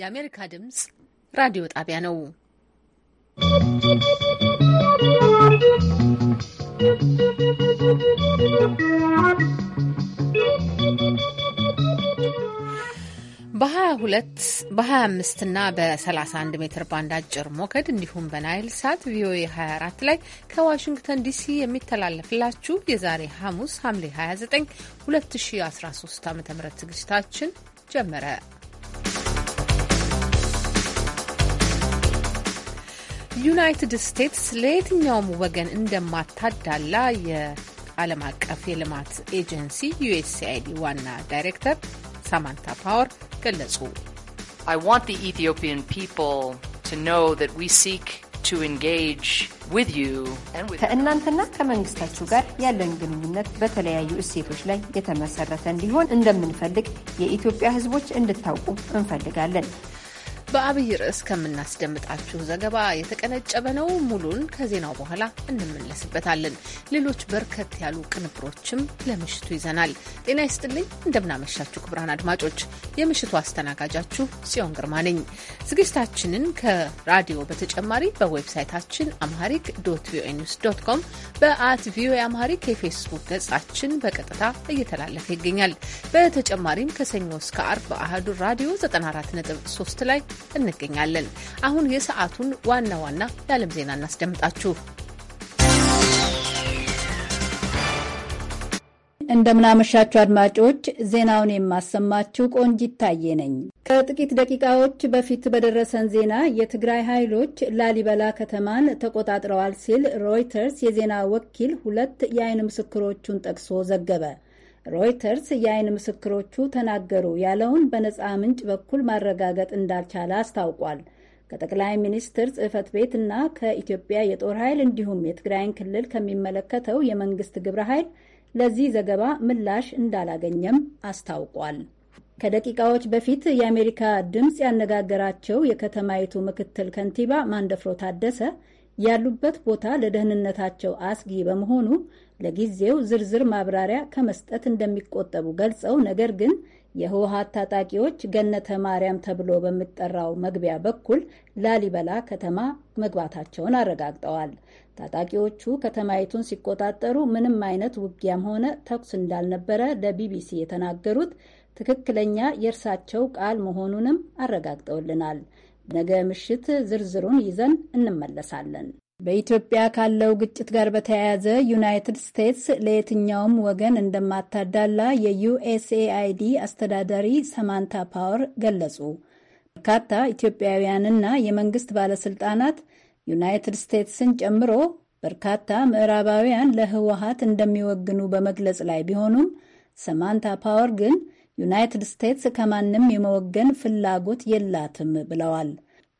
የአሜሪካ ድምጽ ራዲዮ ጣቢያ ነው። በ22 በ25 እና በ31 ሜትር ባንድ አጭር ሞገድ እንዲሁም በናይል ሳት ቪኦኤ 24 ላይ ከዋሽንግተን ዲሲ የሚተላለፍላችሁ የዛሬ ሐሙስ ሐምሌ 29 2013 ዓ ም ዝግጅታችን ጀመረ። ዩናይትድ ስቴትስ ለየትኛውም ወገን እንደማታዳላ የዓለም አቀፍ የልማት ኤጀንሲ ዩኤስአይዲ ዋና ዳይሬክተር ሳማንታ ፓወር ገለጹ። I want the Ethiopian people to know that we seek to engage with you ከእናንተና ከመንግስታችሁ ጋር ያለን ግንኙነት በተለያዩ እሴቶች ላይ የተመሰረተ እንዲሆን እንደምንፈልግ የኢትዮጵያ ሕዝቦች እንድታውቁ እንፈልጋለን። በአብይ ርዕስ ከምናስደምጣችሁ ዘገባ የተቀነጨበ ነው። ሙሉን ከዜናው በኋላ እንመለስበታለን። ሌሎች በርከት ያሉ ቅንብሮችም ለምሽቱ ይዘናል። ጤና ይስጥልኝ፣ እንደምናመሻችሁ ክቡራን አድማጮች፣ የምሽቱ አስተናጋጃችሁ ጽዮን ግርማ ነኝ። ዝግጅታችንን ከራዲዮ በተጨማሪ በዌብሳይታችን አምሃሪክ ዶት ቪኦኤ ኒውስ ዶት ኮም፣ በአት ቪኦኤ አምሃሪክ የፌስቡክ ገጻችን በቀጥታ እየተላለፈ ይገኛል። በተጨማሪም ከሰኞ እስከ አርብ በአህዱ ራዲዮ 94.3 ላይ እንገኛለን። አሁን የሰዓቱን ዋና ዋና የዓለም ዜና እናስደምጣችሁ። እንደምናመሻችሁ አድማጮች፣ ዜናውን የማሰማችሁ ቆንጂት ታዬ ነኝ። ከጥቂት ደቂቃዎች በፊት በደረሰን ዜና የትግራይ ኃይሎች ላሊበላ ከተማን ተቆጣጥረዋል ሲል ሮይተርስ የዜና ወኪል ሁለት የአይን ምስክሮቹን ጠቅሶ ዘገበ። ሮይተርስ የአይን ምስክሮቹ ተናገሩ ያለውን በነጻ ምንጭ በኩል ማረጋገጥ እንዳልቻለ አስታውቋል። ከጠቅላይ ሚኒስትር ጽህፈት ቤት እና ከኢትዮጵያ የጦር ኃይል እንዲሁም የትግራይን ክልል ከሚመለከተው የመንግስት ግብረ ኃይል ለዚህ ዘገባ ምላሽ እንዳላገኘም አስታውቋል። ከደቂቃዎች በፊት የአሜሪካ ድምፅ ያነጋገራቸው የከተማይቱ ምክትል ከንቲባ ማንደፍሮ ታደሰ ያሉበት ቦታ ለደህንነታቸው አስጊ በመሆኑ ለጊዜው ዝርዝር ማብራሪያ ከመስጠት እንደሚቆጠቡ ገልጸው ነገር ግን የህወሀት ታጣቂዎች ገነተ ማርያም ተብሎ በሚጠራው መግቢያ በኩል ላሊበላ ከተማ መግባታቸውን አረጋግጠዋል። ታጣቂዎቹ ከተማይቱን ሲቆጣጠሩ ምንም አይነት ውጊያም ሆነ ተኩስ እንዳልነበረ ለቢቢሲ የተናገሩት ትክክለኛ የእርሳቸው ቃል መሆኑንም አረጋግጠውልናል። ነገ ምሽት ዝርዝሩን ይዘን እንመለሳለን። በኢትዮጵያ ካለው ግጭት ጋር በተያያዘ ዩናይትድ ስቴትስ ለየትኛውም ወገን እንደማታዳላ የዩኤስኤአይዲ አስተዳዳሪ ሰማንታ ፓወር ገለጹ። በርካታ ኢትዮጵያውያንና የመንግስት ባለስልጣናት ዩናይትድ ስቴትስን ጨምሮ በርካታ ምዕራባውያን ለህወሀት እንደሚወግኑ በመግለጽ ላይ ቢሆኑም ሰማንታ ፓወር ግን ዩናይትድ ስቴትስ ከማንም የመወገን ፍላጎት የላትም ብለዋል።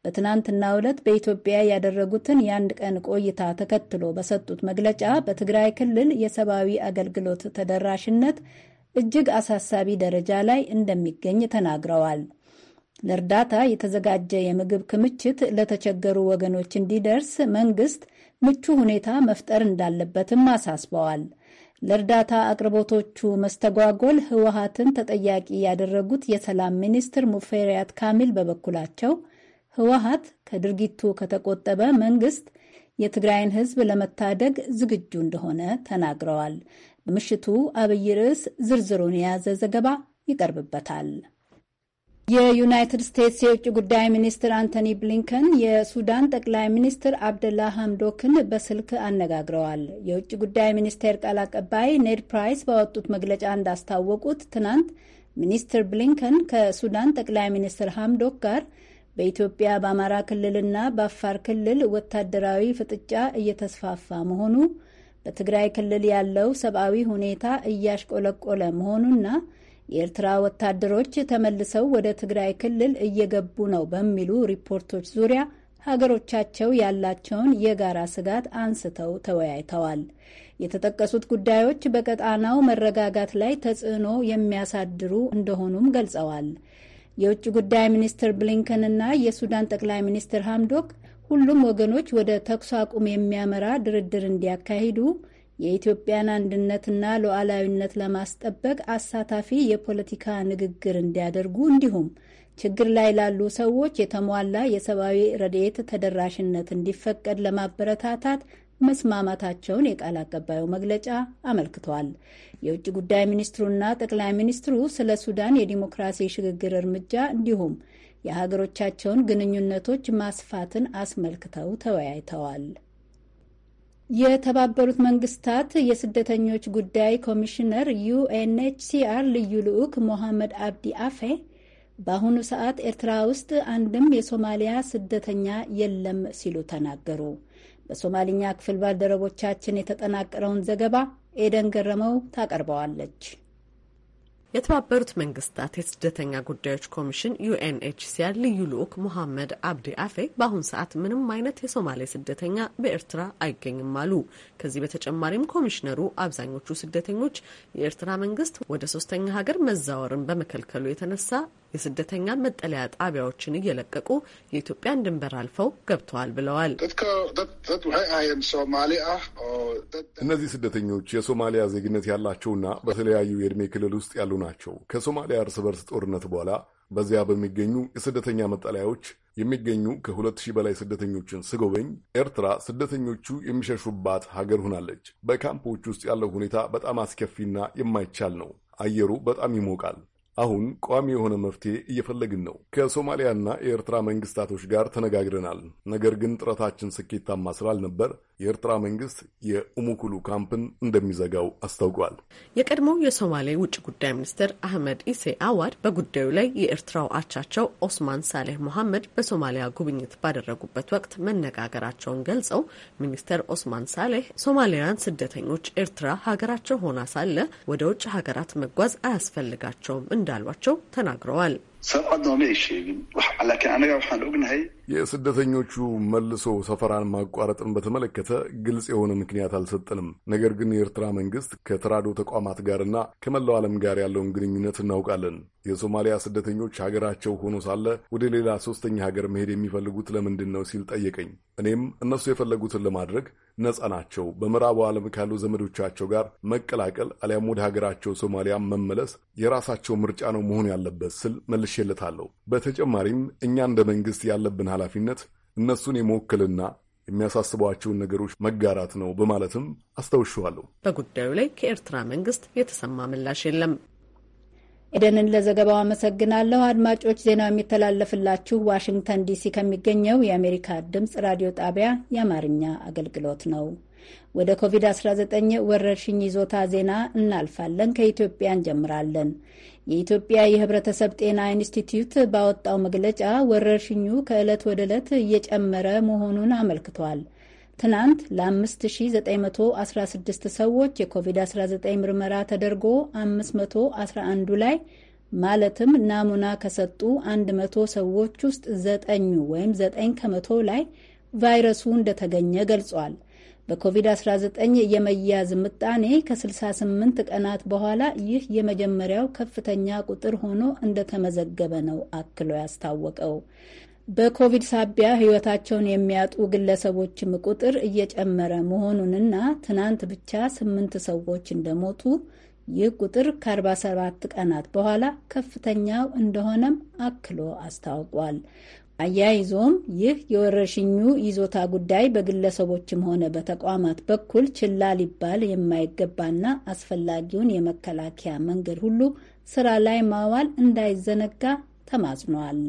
በትናንትናው ዕለት በኢትዮጵያ ያደረጉትን የአንድ ቀን ቆይታ ተከትሎ በሰጡት መግለጫ በትግራይ ክልል የሰብአዊ አገልግሎት ተደራሽነት እጅግ አሳሳቢ ደረጃ ላይ እንደሚገኝ ተናግረዋል። ለእርዳታ የተዘጋጀ የምግብ ክምችት ለተቸገሩ ወገኖች እንዲደርስ መንግስት ምቹ ሁኔታ መፍጠር እንዳለበትም አሳስበዋል። ለእርዳታ አቅርቦቶቹ መስተጓጎል ህወሀትን ተጠያቂ ያደረጉት የሰላም ሚኒስትር ሙፈሪያት ካሚል በበኩላቸው ህወሀት ከድርጊቱ ከተቆጠበ መንግስት የትግራይን ህዝብ ለመታደግ ዝግጁ እንደሆነ ተናግረዋል። በምሽቱ አብይ ርዕስ ዝርዝሩን የያዘ ዘገባ ይቀርብበታል። የዩናይትድ ስቴትስ የውጭ ጉዳይ ሚኒስትር አንቶኒ ብሊንከን የሱዳን ጠቅላይ ሚኒስትር አብደላ ሐምዶክን በስልክ አነጋግረዋል። የውጭ ጉዳይ ሚኒስቴር ቃል አቀባይ ኔድ ፕራይስ ባወጡት መግለጫ እንዳስታወቁት ትናንት ሚኒስትር ብሊንከን ከሱዳን ጠቅላይ ሚኒስትር ሐምዶክ ጋር በኢትዮጵያ በአማራ ክልልና በአፋር ክልል ወታደራዊ ፍጥጫ እየተስፋፋ መሆኑ፣ በትግራይ ክልል ያለው ሰብአዊ ሁኔታ እያሽቆለቆለ መሆኑና የኤርትራ ወታደሮች ተመልሰው ወደ ትግራይ ክልል እየገቡ ነው በሚሉ ሪፖርቶች ዙሪያ ሀገሮቻቸው ያላቸውን የጋራ ስጋት አንስተው ተወያይተዋል። የተጠቀሱት ጉዳዮች በቀጣናው መረጋጋት ላይ ተጽዕኖ የሚያሳድሩ እንደሆኑም ገልጸዋል። የውጭ ጉዳይ ሚኒስትር ብሊንከንና የሱዳን ጠቅላይ ሚኒስትር ሐምዶክ ሁሉም ወገኖች ወደ ተኩስ አቁም የሚያመራ ድርድር እንዲያካሂዱ የኢትዮጵያን አንድነትና ሉዓላዊነት ለማስጠበቅ አሳታፊ የፖለቲካ ንግግር እንዲያደርጉ እንዲሁም ችግር ላይ ላሉ ሰዎች የተሟላ የሰብአዊ ረድኤት ተደራሽነት እንዲፈቀድ ለማበረታታት መስማማታቸውን የቃል አቀባዩ መግለጫ አመልክቷል። የውጭ ጉዳይ ሚኒስትሩና ጠቅላይ ሚኒስትሩ ስለ ሱዳን የዲሞክራሲ ሽግግር እርምጃ እንዲሁም የሀገሮቻቸውን ግንኙነቶች ማስፋትን አስመልክተው ተወያይተዋል። የተባበሩት መንግስታት የስደተኞች ጉዳይ ኮሚሽነር ዩኤንኤችሲአር ልዩ ልዑክ ሞሐመድ አብዲ አፌ በአሁኑ ሰዓት ኤርትራ ውስጥ አንድም የሶማሊያ ስደተኛ የለም ሲሉ ተናገሩ። በሶማሊኛ ክፍል ባልደረቦቻችን የተጠናቀረውን ዘገባ ኤደን ገረመው ታቀርበዋለች። የተባበሩት መንግስታት የስደተኛ ጉዳዮች ኮሚሽን ዩኤንኤችሲአር ልዩ ልዑክ ሙሐመድ አብዲ አፌ በአሁን ሰዓት ምንም አይነት የሶማሌ ስደተኛ በኤርትራ አይገኝም አሉ። ከዚህ በተጨማሪም ኮሚሽነሩ አብዛኞቹ ስደተኞች የኤርትራ መንግስት ወደ ሶስተኛ ሀገር መዛወርን በመከልከሉ የተነሳ የስደተኛ መጠለያ ጣቢያዎችን እየለቀቁ የኢትዮጵያን ድንበር አልፈው ገብተዋል ብለዋል። እነዚህ ስደተኞች የሶማሊያ ዜግነት ያላቸውና በተለያዩ የዕድሜ ክልል ውስጥ ያሉ ናቸው። ከሶማሊያ እርስ በርስ ጦርነት በኋላ በዚያ በሚገኙ የስደተኛ መጠለያዎች የሚገኙ ከሁለት ሺህ በላይ ስደተኞችን ስጎበኝ ኤርትራ ስደተኞቹ የሚሸሹባት ሀገር ሆናለች። በካምፖች ውስጥ ያለው ሁኔታ በጣም አስከፊና የማይቻል ነው። አየሩ በጣም ይሞቃል። አሁን ቋሚ የሆነ መፍትሄ እየፈለግን ነው። ከሶማሊያና የኤርትራ መንግስታቶች ጋር ተነጋግረናል። ነገር ግን ጥረታችን ስኬታማ ስላልነበር የኤርትራ መንግስት የኡሙኩሉ ካምፕን እንደሚዘጋው አስታውቋል። የቀድሞው የሶማሌ ውጭ ጉዳይ ሚኒስትር አህመድ ኢሴ አዋድ በጉዳዩ ላይ የኤርትራው አቻቸው ኦስማን ሳሌህ መሐመድ በሶማሊያ ጉብኝት ባደረጉበት ወቅት መነጋገራቸውን ገልጸው ሚኒስትር ኦስማን ሳሌህ ሶማሊያውያን ስደተኞች ኤርትራ ሀገራቸው ሆና ሳለ ወደ ውጭ ሀገራት መጓዝ አያስፈልጋቸውም እንዳሏቸው ተናግረዋል። ሰብ ዓድና ማ ላኪን ኣነጋ ወሓን ኦግናሃይ የስደተኞቹ መልሶ ሰፈራን ማቋረጥን በተመለከተ ግልጽ የሆነ ምክንያት አልሰጠንም። ነገር ግን የኤርትራ መንግስት ከተራዶ ተቋማት ጋርና ከመላው ዓለም ጋር ያለውን ግንኙነት እናውቃለን። የሶማሊያ ስደተኞች ሀገራቸው ሆኖ ሳለ ወደ ሌላ ሶስተኛ ሀገር መሄድ የሚፈልጉት ለምንድን ነው ሲል ጠየቀኝ። እኔም እነሱ የፈለጉትን ለማድረግ ነጻ ናቸው። በምዕራቡ ዓለም ካሉ ዘመዶቻቸው ጋር መቀላቀል አሊያም ወደ ሀገራቸው ሶማሊያ መመለስ የራሳቸው ምርጫ ነው መሆን ያለበት ስል መልሼለታለሁ። በተጨማሪም እኛ እንደ መንግስት ያለብን ኃላፊነት እነሱን የመወከልና የሚያሳስቧቸውን ነገሮች መጋራት ነው በማለትም አስታውሸዋለሁ። በጉዳዩ ላይ ከኤርትራ መንግስት የተሰማ ምላሽ የለም። ኤደንን ለዘገባው አመሰግናለሁ። አድማጮች፣ ዜናው የሚተላለፍላችሁ ዋሽንግተን ዲሲ ከሚገኘው የአሜሪካ ድምፅ ራዲዮ ጣቢያ የአማርኛ አገልግሎት ነው። ወደ ኮቪድ-19 ወረርሽኝ ይዞታ ዜና እናልፋለን። ከኢትዮጵያ እንጀምራለን። የኢትዮጵያ የሕብረተሰብ ጤና ኢንስቲትዩት ባወጣው መግለጫ ወረርሽኙ ከዕለት ወደ ዕለት እየጨመረ መሆኑን አመልክቷል። ትናንት ለ5916 ሰዎች የኮቪድ-19 ምርመራ ተደርጎ 511ዱ ላይ ማለትም ናሙና ከሰጡ 100 ሰዎች ውስጥ ዘጠኙ ወይም 9 ከመቶ ላይ ቫይረሱ እንደተገኘ ገልጿል። በኮቪድ-19 የመያዝ ምጣኔ ከ68 ቀናት በኋላ ይህ የመጀመሪያው ከፍተኛ ቁጥር ሆኖ እንደተመዘገበ ነው አክሎ ያስታወቀው። በኮቪድ ሳቢያ ሕይወታቸውን የሚያጡ ግለሰቦችም ቁጥር እየጨመረ መሆኑንና ትናንት ብቻ ስምንት ሰዎች እንደሞቱ ይህ ቁጥር ከ47 ቀናት በኋላ ከፍተኛው እንደሆነም አክሎ አስታውቋል። አያይዞም ይህ የወረርሽኙ ይዞታ ጉዳይ በግለሰቦችም ሆነ በተቋማት በኩል ችላ ሊባል የማይገባና አስፈላጊውን የመከላከያ መንገድ ሁሉ ስራ ላይ ማዋል እንዳይዘነጋ ተማጽኗል።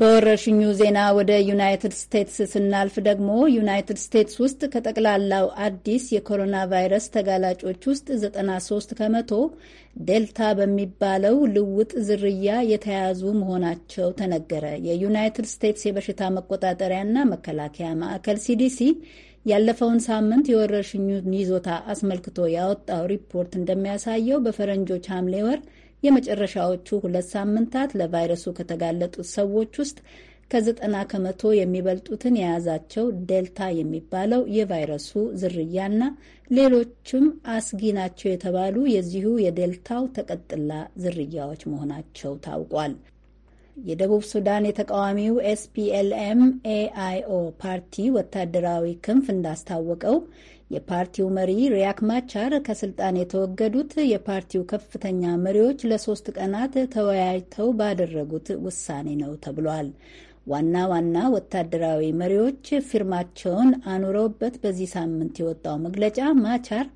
በወረርሽኙ ዜና ወደ ዩናይትድ ስቴትስ ስናልፍ ደግሞ ዩናይትድ ስቴትስ ውስጥ ከጠቅላላው አዲስ የኮሮና ቫይረስ ተጋላጮች ውስጥ 93 ከመቶ ዴልታ በሚባለው ልውጥ ዝርያ የተያዙ መሆናቸው ተነገረ። የዩናይትድ ስቴትስ የበሽታ መቆጣጠሪያና መከላከያ ማዕከል ሲዲሲ ያለፈውን ሳምንት የወረርሽኙን ይዞታ አስመልክቶ ያወጣው ሪፖርት እንደሚያሳየው በፈረንጆች ሐምሌ ወር የመጨረሻዎቹ ሁለት ሳምንታት ለቫይረሱ ከተጋለጡት ሰዎች ውስጥ ከዘጠና ከመቶ የሚበልጡትን የያዛቸው ዴልታ የሚባለው የቫይረሱ ዝርያና ሌሎችም አስጊ ናቸው የተባሉ የዚሁ የዴልታው ተቀጥላ ዝርያዎች መሆናቸው ታውቋል። የደቡብ ሱዳን የተቃዋሚው ኤስፒኤልኤም ኤአይኦ ፓርቲ ወታደራዊ ክንፍ እንዳስታወቀው የፓርቲው መሪ ሪያክ ማቻር ከስልጣን የተወገዱት የፓርቲው ከፍተኛ መሪዎች ለሶስት ቀናት ተወያይተው ባደረጉት ውሳኔ ነው ተብሏል። ዋና ዋና ወታደራዊ መሪዎች ፊርማቸውን አኑረውበት በዚህ ሳምንት የወጣው መግለጫ ማቻር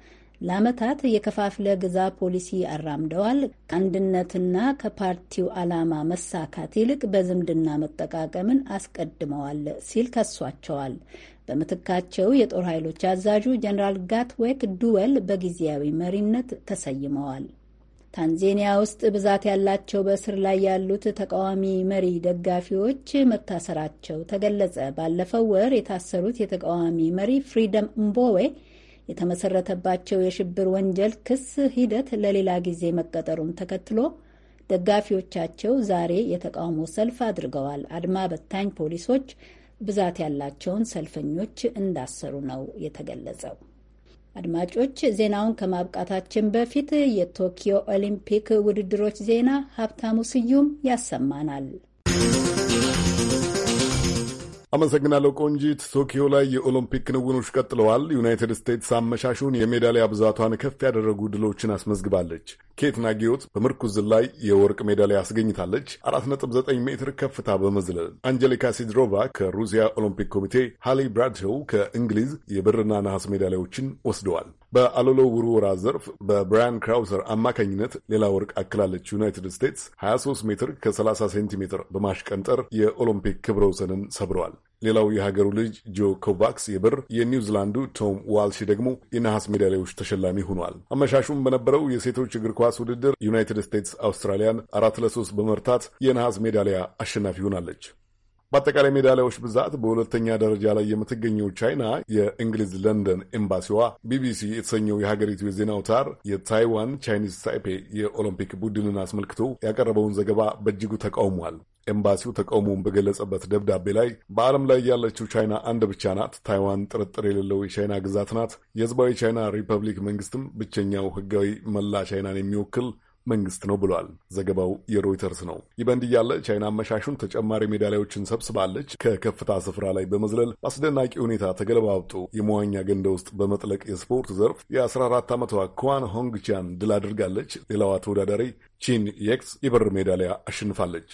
ለዓመታት የከፋፍለ ግዛ ፖሊሲ አራምደዋል። ከአንድነትና ከፓርቲው ዓላማ መሳካት ይልቅ በዝምድና መጠቃቀምን አስቀድመዋል ሲል ከሷቸዋል። በምትካቸው የጦር ኃይሎች አዛዡ ጀኔራል ጋትዌክ ዱዌል በጊዜያዊ መሪነት ተሰይመዋል። ታንዜኒያ ውስጥ ብዛት ያላቸው በእስር ላይ ያሉት ተቃዋሚ መሪ ደጋፊዎች መታሰራቸው ተገለጸ። ባለፈው ወር የታሰሩት የተቃዋሚ መሪ ፍሪደም እምቦዌ የተመሰረተባቸው የሽብር ወንጀል ክስ ሂደት ለሌላ ጊዜ መቀጠሩን ተከትሎ ደጋፊዎቻቸው ዛሬ የተቃውሞ ሰልፍ አድርገዋል። አድማ በታኝ ፖሊሶች ብዛት ያላቸውን ሰልፈኞች እንዳሰሩ ነው የተገለጸው። አድማጮች፣ ዜናውን ከማብቃታችን በፊት የቶኪዮ ኦሊምፒክ ውድድሮች ዜና ሀብታሙ ስዩም ያሰማናል። አመሰግናለሁ ቆንጂት። ቶኪዮ ላይ የኦሎምፒክ ክንውኖች ቀጥለዋል። ዩናይትድ ስቴትስ አመሻሹን የሜዳሊያ ብዛቷን ከፍ ያደረጉ ድሎችን አስመዝግባለች። ኬት ናጊዮት በምርኩዝ ላይ የወርቅ ሜዳሊያ አስገኝታለች 4.9 ሜትር ከፍታ በመዝለል። አንጀሊካ ሲድሮቫ ከሩሲያ ኦሎምፒክ ኮሚቴ፣ ሃሊ ብራድሂል ከእንግሊዝ የብርና ነሐስ ሜዳሊያዎችን ወስደዋል። በአሎሎ ውርወራ ዘርፍ በብራያን ክራውሰር አማካኝነት ሌላ ወርቅ አክላለች ዩናይትድ ስቴትስ 23 ሜትር ከ30 ሴንቲሜትር በማሽቀንጠር የኦሎምፒክ ክብረ ወሰንን ሰብረዋል። ሌላው የሀገሩ ልጅ ጆ ኮቫክስ የብር፣ የኒውዚላንዱ ቶም ዋልሺ ደግሞ የነሐስ ሜዳሊያዎች ተሸላሚ ሆኗል። አመሻሹም በነበረው የሴቶች እግር ኳስ ውድድር ዩናይትድ ስቴትስ አውስትራሊያን አራት ለሶስት በመርታት የነሐስ ሜዳሊያ አሸናፊ ሆናለች። በአጠቃላይ ሜዳሊያዎች ብዛት በሁለተኛ ደረጃ ላይ የምትገኘው ቻይና የእንግሊዝ ለንደን ኤምባሲዋ ቢቢሲ የተሰኘው የሀገሪቱ የዜና አውታር የታይዋን ቻይኒዝ ታይፔ የኦሎምፒክ ቡድንን አስመልክቶ ያቀረበውን ዘገባ በእጅጉ ተቃውሟል። ኤምባሲው ተቃውሞውን በገለጸበት ደብዳቤ ላይ በዓለም ላይ ያለችው ቻይና አንድ ብቻ ናት። ታይዋን ጥርጥር የሌለው የቻይና ግዛት ናት። የህዝባዊ ቻይና ሪፐብሊክ መንግስትም ብቸኛው ህጋዊ መላ ቻይናን የሚወክል መንግስት ነው ብሏል። ዘገባው የሮይተርስ ነው። ይህ በእንዲህ እያለ ቻይና አመሻሹን ተጨማሪ ሜዳሊያዎችን ሰብስባለች። ከከፍታ ስፍራ ላይ በመዝለል በአስደናቂ ሁኔታ ተገለባብጦ የመዋኛ ገንዳ ውስጥ በመጥለቅ የስፖርት ዘርፍ የ14 ዓመቷ ኳን ሆንግቻን ድል አድርጋለች። ሌላዋ ተወዳዳሪ ቺን የክስ የብር ሜዳሊያ አሸንፋለች።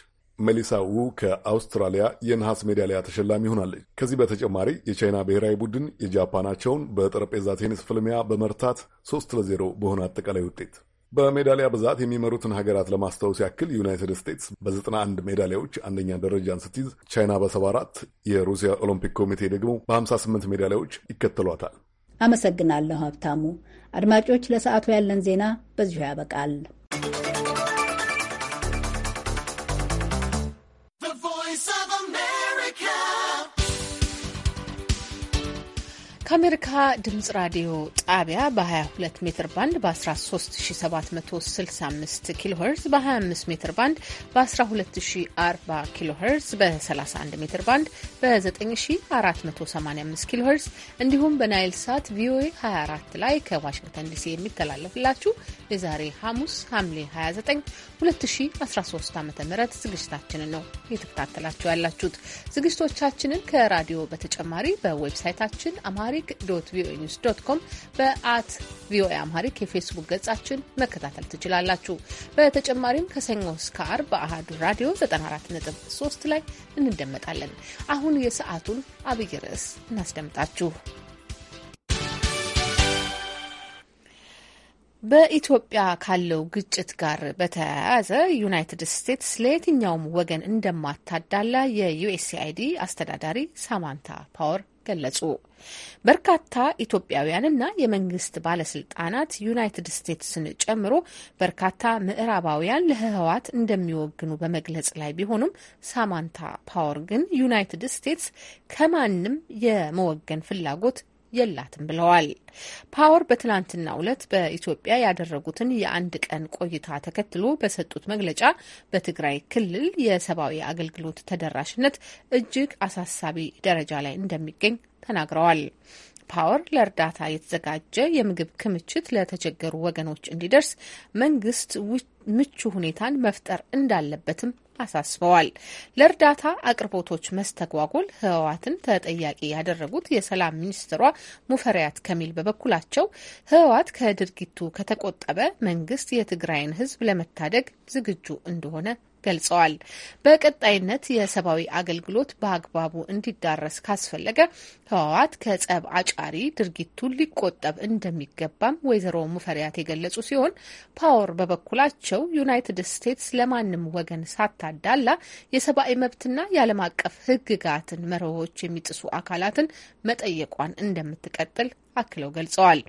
ሜሊሳ ው ከአውስትራሊያ የነሐስ ሜዳሊያ ተሸላሚ ሆናለች። ከዚህ በተጨማሪ የቻይና ብሔራዊ ቡድን የጃፓናቸውን በጠረጴዛ ቴኒስ ፍልሚያ በመርታት 3 ለዜሮ በሆነ አጠቃላይ ውጤት በሜዳሊያ ብዛት የሚመሩትን ሀገራት ለማስታወስ ያክል ዩናይትድ ስቴትስ በ91 ሜዳሊያዎች አንደኛ ደረጃን ስትይዝ፣ ቻይና በ74 የሩሲያ ኦሎምፒክ ኮሚቴ ደግሞ በ58 ሜዳሊያዎች ይከተሏታል። አመሰግናለሁ ሀብታሙ። አድማጮች፣ ለሰዓቱ ያለን ዜና በዚሁ ያበቃል። ከአሜሪካ ድምጽ ራዲዮ ጣቢያ በ22 ሜትር ባንድ በ13765 ኪሎ ሄርዝ በ25 ሜትር ባንድ በ1240 ኪሎ ሄርዝ በ31 ሜትር ባንድ በ9485 ኪሎ ሄርዝ እንዲሁም በናይል ሳት ቪኦኤ 24 ላይ ከዋሽንግተን ዲሲ የሚተላለፍላችሁ የዛሬ ሐሙስ ሐምሌ 29 2013 ዓ ም ዝግጅታችንን ነው እየተከታተላችሁ ያላችሁት። ዝግጅቶቻችንን ከራዲዮ በተጨማሪ በዌብሳይታችን አማሪክ ዶት ቪኦኤ ኒውስ ዶት ኮም በአት ቪኦኤ አማሪክ የፌስቡክ ገጻችን መከታተል ትችላላችሁ። በተጨማሪም ከሰኞ እስከ አርብ በአህዱ ራዲዮ 94.3 ላይ እንደመጣለን። አሁን የሰዓቱን አብይ ርዕስ እናስደምጣችሁ። በኢትዮጵያ ካለው ግጭት ጋር በተያያዘ ዩናይትድ ስቴትስ ለየትኛውም ወገን እንደማታዳላ የዩኤስኤአይዲ አስተዳዳሪ ሳማንታ ፓወር ገለጹ። በርካታ ኢትዮጵያውያንና የመንግስት ባለስልጣናት ዩናይትድ ስቴትስን ጨምሮ በርካታ ምዕራባውያን ለህወሓት እንደሚወግኑ በመግለጽ ላይ ቢሆኑም ሳማንታ ፓወር ግን ዩናይትድ ስቴትስ ከማንም የመወገን ፍላጎት የላትም ብለዋል። ፓወር በትናንትናው ዕለት በኢትዮጵያ ያደረጉትን የአንድ ቀን ቆይታ ተከትሎ በሰጡት መግለጫ በትግራይ ክልል የሰብአዊ አገልግሎት ተደራሽነት እጅግ አሳሳቢ ደረጃ ላይ እንደሚገኝ ተናግረዋል። ፓወር ለእርዳታ የተዘጋጀ የምግብ ክምችት ለተቸገሩ ወገኖች እንዲደርስ መንግስት ምቹ ሁኔታን መፍጠር እንዳለበትም አሳስበዋል። ለእርዳታ አቅርቦቶች መስተጓጎል ህወሓትን ተጠያቂ ያደረጉት የሰላም ሚኒስትሯ ሙፈሪያት ከሚል በበኩላቸው ህወሓት ከድርጊቱ ከተቆጠበ መንግስት የትግራይን ህዝብ ለመታደግ ዝግጁ እንደሆነ ገልጸዋል። በቀጣይነት የሰብአዊ አገልግሎት በአግባቡ እንዲዳረስ ካስፈለገ ህወሓት ከጸብ አጫሪ ድርጊቱ ሊቆጠብ እንደሚገባም ወይዘሮ ሙፈሪያት የገለጹ ሲሆን ፓወር በበኩላቸው ዩናይትድ ስቴትስ ለማንም ወገን ሳታዳላ የሰብአዊ መብትና የዓለም አቀፍ ህግጋትን መርሆዎች የሚጥሱ አካላትን መጠየቋን እንደምትቀጥል አክለው ገልጸዋል።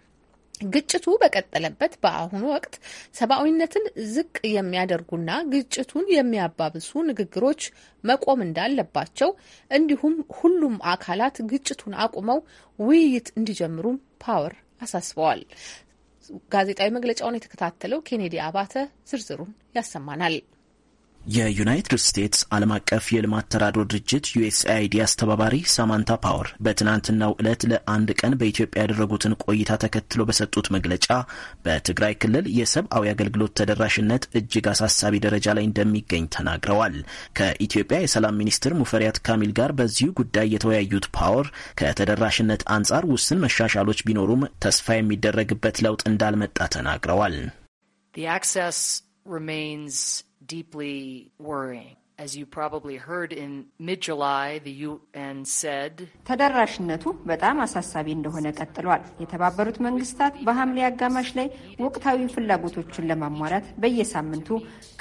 ግጭቱ በቀጠለበት በአሁኑ ወቅት ሰብአዊነትን ዝቅ የሚያደርጉና ግጭቱን የሚያባብሱ ንግግሮች መቆም እንዳለባቸው እንዲሁም ሁሉም አካላት ግጭቱን አቁመው ውይይት እንዲጀምሩ ፓወር አሳስበዋል። ጋዜጣዊ መግለጫውን የተከታተለው ኬኔዲ አባተ ዝርዝሩን ያሰማናል። የዩናይትድ ስቴትስ ዓለም አቀፍ የልማት ተራድኦ ድርጅት ዩኤስአይዲ አስተባባሪ ሳማንታ ፓወር በትናንትናው ዕለት ለአንድ ቀን በኢትዮጵያ ያደረጉትን ቆይታ ተከትሎ በሰጡት መግለጫ በትግራይ ክልል የሰብአዊ አገልግሎት ተደራሽነት እጅግ አሳሳቢ ደረጃ ላይ እንደሚገኝ ተናግረዋል። ከኢትዮጵያ የሰላም ሚኒስትር ሙፈሪያት ካሚል ጋር በዚሁ ጉዳይ የተወያዩት ፓወር ከተደራሽነት አንጻር ውስን መሻሻሎች ቢኖሩም ተስፋ የሚደረግበት ለውጥ እንዳልመጣ ተናግረዋል። deeply worrying. ተደራሽነቱ በጣም አሳሳቢ እንደሆነ ቀጥሏል። የተባበሩት መንግስታት በሐምሌ አጋማሽ ላይ ወቅታዊ ፍላጎቶችን ለማሟላት በየሳምንቱ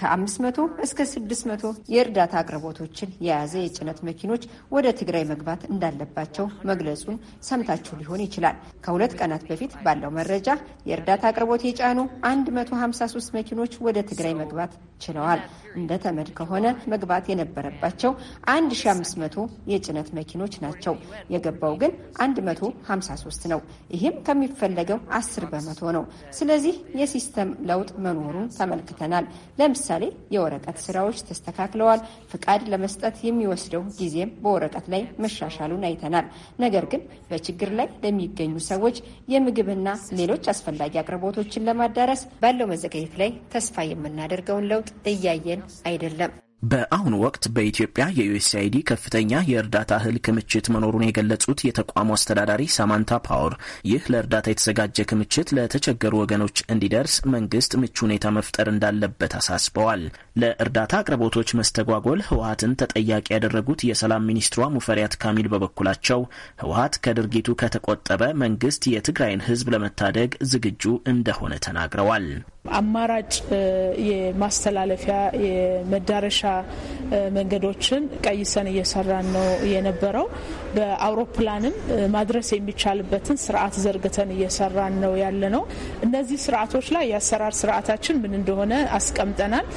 ከ500 እስከ 600 የእርዳታ አቅርቦቶችን የያዘ የጭነት መኪኖች ወደ ትግራይ መግባት እንዳለባቸው መግለጹን ሰምታችሁ ሊሆን ይችላል። ከሁለት ቀናት በፊት ባለው መረጃ የእርዳታ አቅርቦት የጫኑ 153 መኪኖች ወደ ትግራይ መግባት ችለዋል። እንደ ተመድ ከሆነ መግባት የነበረባቸው 1500 የጭነት መኪኖች ናቸው። የገባው ግን 153 ነው። ይህም ከሚፈለገው 10 በመቶ ነው። ስለዚህ የሲስተም ለውጥ መኖሩን ተመልክተናል። ለምሳሌ የወረቀት ስራዎች ተስተካክለዋል። ፍቃድ ለመስጠት የሚወስደው ጊዜም በወረቀት ላይ መሻሻሉን አይተናል። ነገር ግን በችግር ላይ ለሚገኙ ሰዎች የምግብና ሌሎች አስፈላጊ አቅርቦቶችን ለማዳረስ ባለው መዘገየት ላይ ተስፋ የምናደርገውን ለውጥ እያየን አይደለም። በአሁኑ ወቅት በኢትዮጵያ የዩኤስአይዲ ከፍተኛ የእርዳታ እህል ክምችት መኖሩን የገለጹት የተቋሙ አስተዳዳሪ ሳማንታ ፓወር ይህ ለእርዳታ የተዘጋጀ ክምችት ለተቸገሩ ወገኖች እንዲደርስ መንግስት ምቹ ሁኔታ መፍጠር እንዳለበት አሳስበዋል። ለእርዳታ አቅርቦቶች መስተጓጎል ህወሀትን ተጠያቂ ያደረጉት የሰላም ሚኒስትሯ ሙፈሪያት ካሚል በበኩላቸው ህወሀት ከድርጊቱ ከተቆጠበ መንግስት የትግራይን ህዝብ ለመታደግ ዝግጁ እንደሆነ ተናግረዋል። አማራጭ የማስተላለፊያ የመዳረሻ መንገዶችን ቀይሰን እየሰራን ነው የነበረው። በአውሮፕላንም ማድረስ የሚቻልበትን ስርዓት ዘርግተን እየሰራን ነው ያለ ነው። እነዚህ ስርዓቶች ላይ የአሰራር ስርዓታችን ምን እንደሆነ አስቀምጠናል።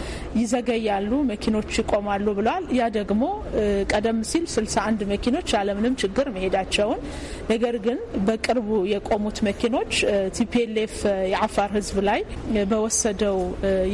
ይዘገያሉ፣ መኪኖች ይቆማሉ ብለዋል። ያ ደግሞ ቀደም ሲል 61 መኪኖች ያለምንም ችግር መሄዳቸውን ነገር ግን በቅርቡ የቆሙት መኪኖች ቲፒኤልኤፍ የአፋር ህዝብ ላይ በወሰደው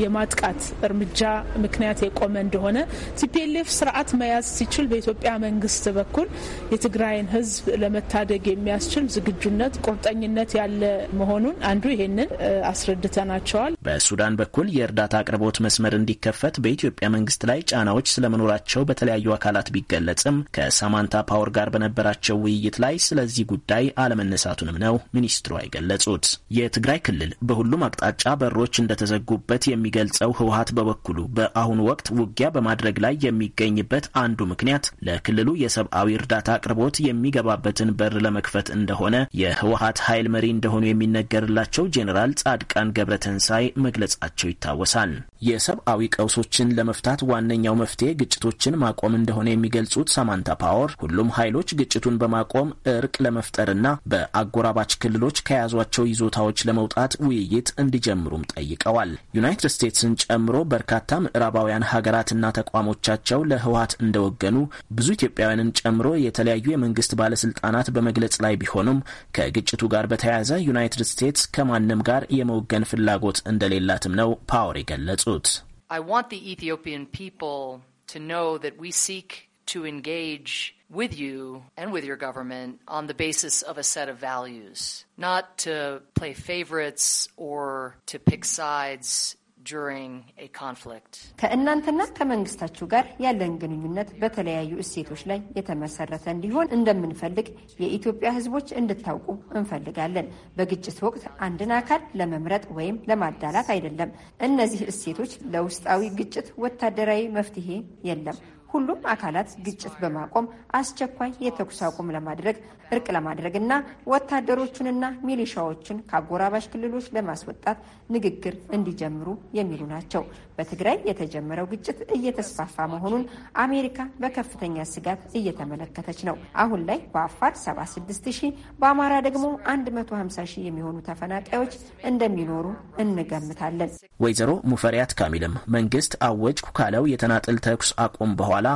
የማጥቃት እርምጃ ምክንያት የቆመ እንደሆነ ቲፒኤልኤፍ ስርዓት መያዝ ሲችል በኢትዮጵያ መንግስት በኩል የትግራይን ህዝብ ለመታደግ የሚያስችል ዝግጁነት፣ ቁርጠኝነት ያለ መሆኑን አንዱ ይሄንን አስረድተናቸዋል። በሱዳን በኩል የእርዳታ አቅርቦት መስመር እንዲከፈል ለመክፈት በኢትዮጵያ መንግስት ላይ ጫናዎች ስለመኖራቸው በተለያዩ አካላት ቢገለጽም ከሳማንታ ፓወር ጋር በነበራቸው ውይይት ላይ ስለዚህ ጉዳይ አለመነሳቱንም ነው ሚኒስትሩ የገለጹት። የትግራይ ክልል በሁሉም አቅጣጫ በሮች እንደተዘጉበት የሚገልጸው ህወሀት በበኩሉ በአሁኑ ወቅት ውጊያ በማድረግ ላይ የሚገኝበት አንዱ ምክንያት ለክልሉ የሰብአዊ እርዳታ አቅርቦት የሚገባበትን በር ለመክፈት እንደሆነ የህወሀት ኃይል መሪ እንደሆኑ የሚነገርላቸው ጄኔራል ጻድቃን ገብረ ትንሳኤ መግለጻቸው ይታወሳል። የሰብአዊ ቀውሶችን ለመፍታት ዋነኛው መፍትሄ ግጭቶችን ማቆም እንደሆነ የሚገልጹት ሳማንታ ፓወር ሁሉም ኃይሎች ግጭቱን በማቆም እርቅ ለመፍጠርና በአጎራባች ክልሎች ከያዟቸው ይዞታዎች ለመውጣት ውይይት እንዲጀምሩም ጠይቀዋል። ዩናይትድ ስቴትስን ጨምሮ በርካታ ምዕራባውያን ሀገራትና ተቋሞቻቸው ለህወሀት እንደወገኑ ብዙ ኢትዮጵያውያንን ጨምሮ የተለያዩ የመንግስት ባለስልጣናት በመግለጽ ላይ ቢሆኑም ከግጭቱ ጋር በተያያዘ ዩናይትድ ስቴትስ ከማንም ጋር የመወገን ፍላጎት እንደሌላትም ነው ፓወር የገለጹ። roots. I want the Ethiopian people to know that we seek to engage with you and with your government on the basis of a set of values, not to play favorites or to pick sides ከእናንተና ከመንግስታችሁ ጋር ያለን ግንኙነት በተለያዩ እሴቶች ላይ የተመሰረተ እንዲሆን እንደምንፈልግ የኢትዮጵያ ሕዝቦች እንድታውቁ እንፈልጋለን። በግጭት ወቅት አንድን አካል ለመምረጥ ወይም ለማዳላት አይደለም። እነዚህ እሴቶች ለውስጣዊ ግጭት ወታደራዊ መፍትሄ የለም። ሁሉም አካላት ግጭት በማቆም አስቸኳይ የተኩስ አቁም ለማድረግ እርቅ ለማድረግና ወታደሮችንና ሚሊሻዎችን ከአጎራባሽ ክልሎች ለማስወጣት ንግግር እንዲጀምሩ የሚሉ ናቸው። በትግራይ የተጀመረው ግጭት እየተስፋፋ መሆኑን አሜሪካ በከፍተኛ ስጋት እየተመለከተች ነው። አሁን ላይ በአፋር 76 ሺህ በአማራ ደግሞ 150 ሺህ የሚሆኑ ተፈናቃዮች እንደሚኖሩ እንገምታለን። ወይዘሮ ሙፈሪያት ካሚልም መንግስት አወጅኩ ካለው የተናጥል ተኩስ አቁም በኋላ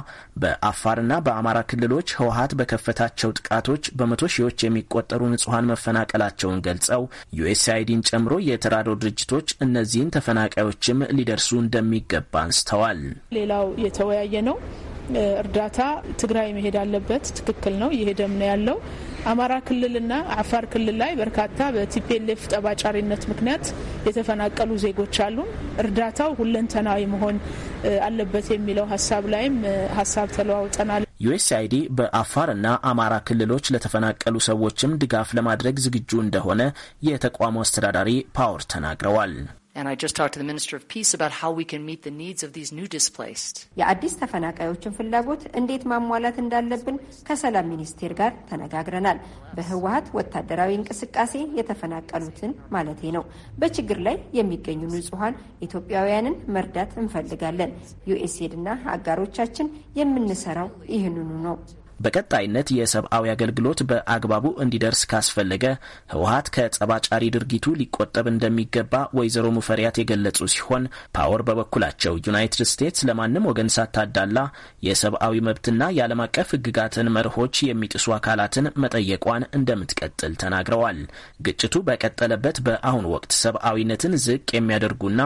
በአፋርና በአማራ ክልሎች ህወሀት በከፈታቸው ጥቃቶች በ በመቶ ሺዎች የሚቆጠሩ ንጹሐን መፈናቀላቸውን ገልጸው ዩኤስአይዲን ጨምሮ የተራድኦ ድርጅቶች እነዚህን ተፈናቃዮችም ሊደርሱ እንደሚገባ አንስተዋል። ሌላው የተወያየ ነው እርዳታ ትግራይ መሄድ አለበት። ትክክል ነው። እየሄደም ነው ያለው። አማራ ክልልና አፋር ክልል ላይ በርካታ በቲፒኤልኤፍ ጠባጫሪነት ምክንያት የተፈናቀሉ ዜጎች አሉ እርዳታው ሁለንተናዊ መሆን አለበት የሚለው ሀሳብ ላይም ሀሳብ ተለዋውጠናል። ዩኤስአይዲ በአፋርና አማራ ክልሎች ለተፈናቀሉ ሰዎችም ድጋፍ ለማድረግ ዝግጁ እንደሆነ የተቋሙ አስተዳዳሪ ፓወር ተናግረዋል። And I just talked to the Minister of Peace about how we can meet the needs of these new displaced. የአዲስ ተፈናቃዮችን ፍላጎት እንዴት ማሟላት እንዳለብን ከሰላም ሚኒስቴር ጋር ተነጋግረናል። በህወሀት ወታደራዊ እንቅስቃሴ የተፈናቀሉትን ማለቴ ነው። በችግር ላይ የሚገኙ ንጹሐን ኢትዮጵያውያንን መርዳት እንፈልጋለን። ዩኤስኤድ እና አጋሮቻችን የምንሰራው ይህንኑ ነው። በቀጣይነት የሰብአዊ አገልግሎት በአግባቡ እንዲደርስ ካስፈለገ ህወሀት ከጸባጫሪ ድርጊቱ ሊቆጠብ እንደሚገባ ወይዘሮ ሙፈሪያት የገለጹ ሲሆን ፓወር በበኩላቸው ዩናይትድ ስቴትስ ለማንም ወገን ሳታዳላ የሰብአዊ መብትና የዓለም አቀፍ ህግጋትን መርሆች የሚጥሱ አካላትን መጠየቋን እንደምትቀጥል ተናግረዋል። ግጭቱ በቀጠለበት በአሁኑ ወቅት ሰብአዊነትን ዝቅ የሚያደርጉና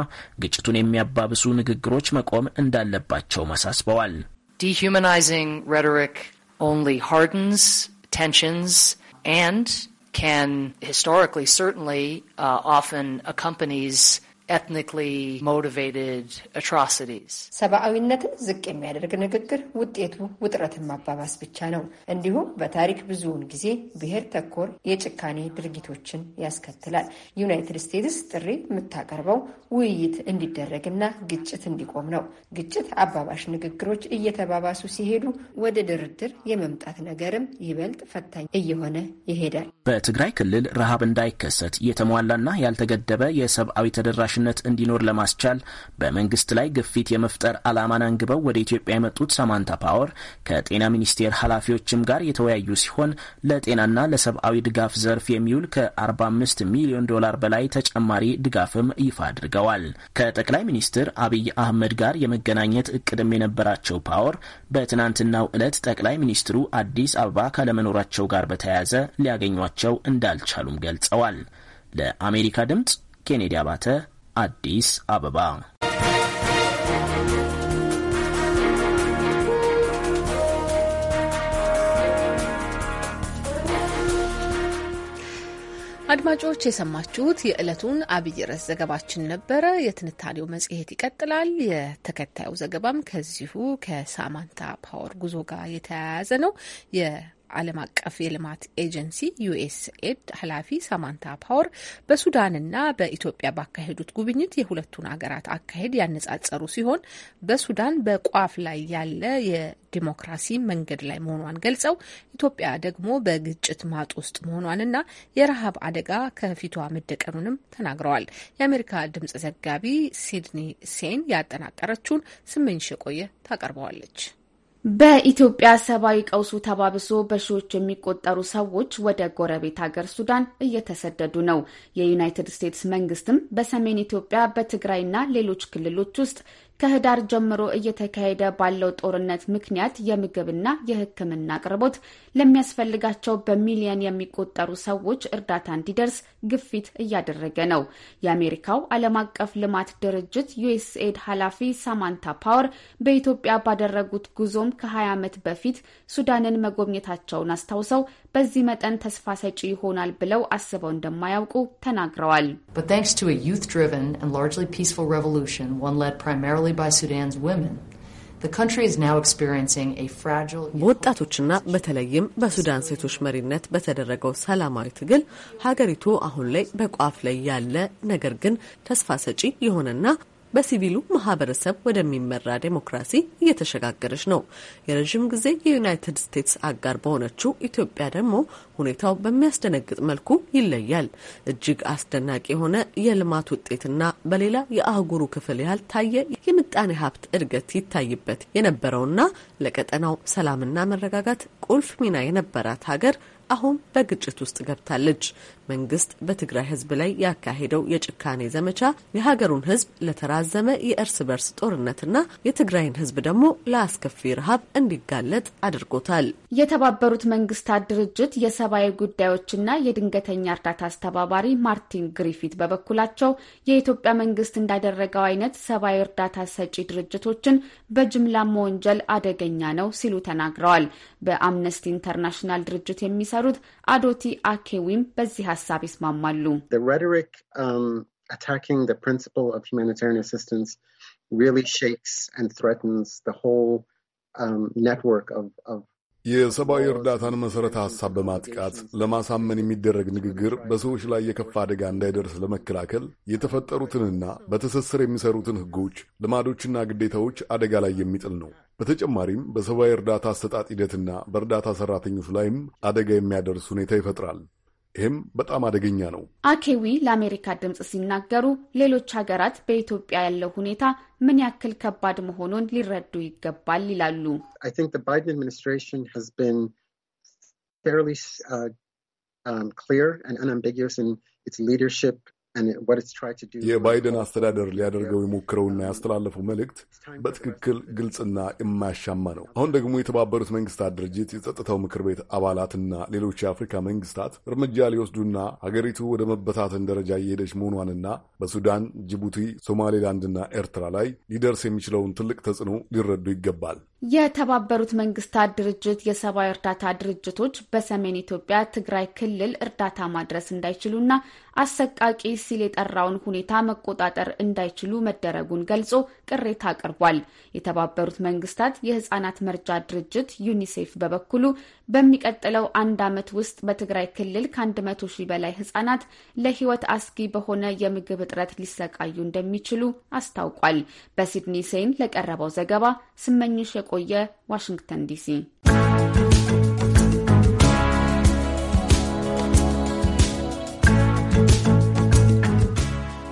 ግጭቱን የሚያባብሱ ንግግሮች መቆም እንዳለባቸው አሳስበዋል። ዲሁማናይዚንግ ሬቶሪክ only hardens tensions and can historically certainly uh, often accompanies ሰብአዊነትን ዝቅ የሚያደርግ ንግግር ውጤቱ ውጥረትን ማባባስ ብቻ ነው። እንዲሁም በታሪክ ብዙውን ጊዜ ብሔር ተኮር የጭካኔ ድርጊቶችን ያስከትላል። ዩናይትድ ስቴትስ ጥሪ የምታቀርበው ውይይት እንዲደረግና ግጭት እንዲቆም ነው። ግጭት አባባሽ ንግግሮች እየተባባሱ ሲሄዱ ወደ ድርድር የመምጣት ነገርም ይበልጥ ፈታኝ እየሆነ ይሄዳል። በትግራይ ክልል ረሃብ እንዳይከሰት የተሟላና ያልተገደበ የሰብአዊ ተደራሽ ተደራሽነት እንዲኖር ለማስቻል በመንግስት ላይ ግፊት የመፍጠር ዓላማን አንግበው ወደ ኢትዮጵያ የመጡት ሳማንታ ፓወር ከጤና ሚኒስቴር ኃላፊዎችም ጋር የተወያዩ ሲሆን ለጤናና ለሰብአዊ ድጋፍ ዘርፍ የሚውል ከ45 ሚሊዮን ዶላር በላይ ተጨማሪ ድጋፍም ይፋ አድርገዋል። ከጠቅላይ ሚኒስትር አብይ አህመድ ጋር የመገናኘት እቅድም የነበራቸው ፓወር በትናንትናው ዕለት ጠቅላይ ሚኒስትሩ አዲስ አበባ ካለመኖራቸው ጋር በተያያዘ ሊያገኟቸው እንዳልቻሉም ገልጸዋል። ለአሜሪካ ድምፅ ኬኔዲ አባተ አዲስ አበባ። አድማጮች የሰማችሁት የዕለቱን አብይ ርዕስ ዘገባችን ነበረ። የትንታኔው መጽሔት ይቀጥላል። የተከታዩ ዘገባም ከዚሁ ከሳማንታ ፓወር ጉዞ ጋር የተያያዘ ነው። ዓለም አቀፍ የልማት ኤጀንሲ ዩኤስኤድ ኃላፊ ሳማንታ ፓወር በሱዳንና በኢትዮጵያ ባካሄዱት ጉብኝት የሁለቱን ሀገራት አካሄድ ያነጻጸሩ ሲሆን በሱዳን በቋፍ ላይ ያለ የዲሞክራሲ መንገድ ላይ መሆኗን ገልጸው ኢትዮጵያ ደግሞ በግጭት ማጥ ውስጥ መሆኗንና የረሃብ አደጋ ከፊቷ መደቀኑንም ተናግረዋል። የአሜሪካ ድምጽ ዘጋቢ ሲድኒ ሴን ያጠናቀረችውን ስመኝሽ የቆየ ታቀርበዋለች። በኢትዮጵያ ሰብአዊ ቀውሱ ተባብሶ በሺዎች የሚቆጠሩ ሰዎች ወደ ጎረቤት ሀገር ሱዳን እየተሰደዱ ነው። የዩናይትድ ስቴትስ መንግስትም በሰሜን ኢትዮጵያ በትግራይና ሌሎች ክልሎች ውስጥ ከህዳር ጀምሮ እየተካሄደ ባለው ጦርነት ምክንያት የምግብና የሕክምና አቅርቦት ለሚያስፈልጋቸው በሚሊየን የሚቆጠሩ ሰዎች እርዳታ እንዲደርስ ግፊት እያደረገ ነው። የአሜሪካው ዓለም አቀፍ ልማት ድርጅት ዩኤስኤድ ኃላፊ ሳማንታ ፓወር በኢትዮጵያ ባደረጉት ጉዞም ከ20 ዓመት በፊት ሱዳንን መጎብኘታቸውን አስታውሰው በዚህ መጠን ተስፋ ሰጪ ይሆናል ብለው አስበው እንደማያውቁ ተናግረዋል። በወጣቶችና በተለይም በሱዳን ሴቶች መሪነት በተደረገው ሰላማዊ ትግል ሀገሪቱ አሁን ላይ በቋፍ ላይ ያለ ነገር ግን ተስፋ ሰጪ የሆነና በሲቪሉ ማህበረሰብ ወደሚመራ ዴሞክራሲ እየተሸጋገረች ነው። የረዥም ጊዜ የዩናይትድ ስቴትስ አጋር በሆነችው ኢትዮጵያ ደግሞ ሁኔታው በሚያስደነግጥ መልኩ ይለያል። እጅግ አስደናቂ የሆነ የልማት ውጤትና በሌላ የአህጉሩ ክፍል ያልታየ የምጣኔ ሀብት እድገት ይታይበት የነበረውና ለቀጠናው ሰላምና መረጋጋት ቁልፍ ሚና የነበራት ሀገር አሁን በግጭት ውስጥ ገብታለች። መንግስት በትግራይ ህዝብ ላይ ያካሄደው የጭካኔ ዘመቻ የሀገሩን ህዝብ ለተራዘመ የእርስ በርስ ጦርነትና የትግራይን ህዝብ ደግሞ ለአስከፊ ረሃብ እንዲጋለጥ አድርጎታል። የተባበሩት መንግስታት ድርጅት የሰብአዊ ጉዳዮችና የድንገተኛ እርዳታ አስተባባሪ ማርቲን ግሪፊት በበኩላቸው የኢትዮጵያ መንግስት እንዳደረገው አይነት ሰብአዊ እርዳታ ሰጪ ድርጅቶችን በጅምላ መወንጀል አደገኛ ነው ሲሉ ተናግረዋል። በአምነስቲ ኢንተርናሽናል ድርጅት የሚሰሩት አዶቲ አኬዊም በዚህ ሀሳብ ይስማማሉ። um, um, የሰብአዊ እርዳታን መሠረተ ሐሳብ በማጥቃት ለማሳመን የሚደረግ ንግግር በሰዎች ላይ የከፋ አደጋ እንዳይደርስ ለመከላከል የተፈጠሩትንና በትስስር የሚሰሩትን ሕጎች፣ ልማዶችና ግዴታዎች አደጋ ላይ የሚጥል ነው። በተጨማሪም በሰብአዊ እርዳታ አሰጣጥ ሂደትና በእርዳታ ሰራተኞች ላይም አደጋ የሚያደርስ ሁኔታ ይፈጥራል። ይህም በጣም አደገኛ ነው። አኬዊ ለአሜሪካ ድምፅ ሲናገሩ ሌሎች ሀገራት በኢትዮጵያ ያለው ሁኔታ ምን ያክል ከባድ መሆኑን ሊረዱ ይገባል ይላሉ። የባይደን አስተዳደር ሊያደርገው የሞክረውና ያስተላለፈው መልእክት በትክክል ግልጽና የማያሻማ ነው። አሁን ደግሞ የተባበሩት መንግስታት ድርጅት የጸጥታው ምክር ቤት አባላትና ሌሎች የአፍሪካ መንግስታት እርምጃ ሊወስዱና ሀገሪቱ ወደ መበታተን ደረጃ እየሄደች መሆኗንና በሱዳን፣ ጅቡቲ፣ ሶማሌላንድና ኤርትራ ላይ ሊደርስ የሚችለውን ትልቅ ተጽዕኖ ሊረዱ ይገባል። የተባበሩት መንግስታት ድርጅት የሰብአዊ እርዳታ ድርጅቶች በሰሜን ኢትዮጵያ ትግራይ ክልል እርዳታ ማድረስ እንዳይችሉና አሰቃቂ ሲል የጠራውን ሁኔታ መቆጣጠር እንዳይችሉ መደረጉን ገልጾ ቅሬታ አቅርቧል። የተባበሩት መንግስታት የህጻናት መርጃ ድርጅት ዩኒሴፍ በበኩሉ በሚቀጥለው አንድ ዓመት ውስጥ በትግራይ ክልል ከ100 ሺህ በላይ ህጻናት ለህይወት አስጊ በሆነ የምግብ እጥረት ሊሰቃዩ እንደሚችሉ አስታውቋል። በሲድኒ ሴን ለቀረበው ዘገባ ስመኝሽ የቆየ ዋሽንግተን ዲሲ።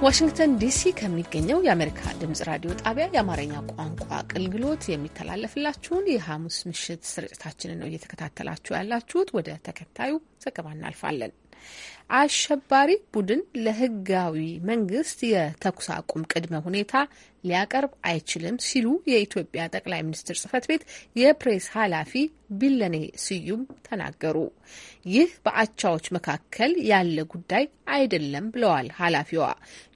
ዋሽንግተን ዲሲ ከሚገኘው የአሜሪካ ድምጽ ራዲዮ ጣቢያ የአማርኛ ቋንቋ አገልግሎት የሚተላለፍላችሁን የሐሙስ ምሽት ስርጭታችንን ነው እየተከታተላችሁ ያላችሁት። ወደ ተከታዩ ዘገባ እናልፋለን። አሸባሪ ቡድን ለህጋዊ መንግስት የተኩስ አቁም ቅድመ ሁኔታ ሊያቀርብ አይችልም ሲሉ የኢትዮጵያ ጠቅላይ ሚኒስትር ጽህፈት ቤት የፕሬስ ኃላፊ ቢለኔ ስዩም ተናገሩ። ይህ በአቻዎች መካከል ያለ ጉዳይ አይደለም ብለዋል ኃላፊዋ።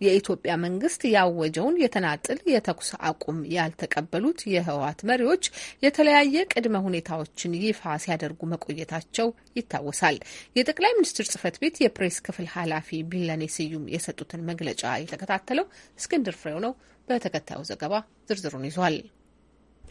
የኢትዮጵያ መንግስት ያወጀውን የተናጥል የተኩስ አቁም ያልተቀበሉት የህወሓት መሪዎች የተለያየ ቅድመ ሁኔታዎችን ይፋ ሲያደርጉ መቆየታቸው ይታወሳል። የጠቅላይ ሚኒስትር ጽህፈት ቤት የፕሬስ ክፍል ኃላፊ ቢለኔ ስዩም የሰጡትን መግለጫ የተከታተለው እስክንድር ፍሬው ነው። በተከታዩ ዘገባ ዝርዝሩን ይዟል።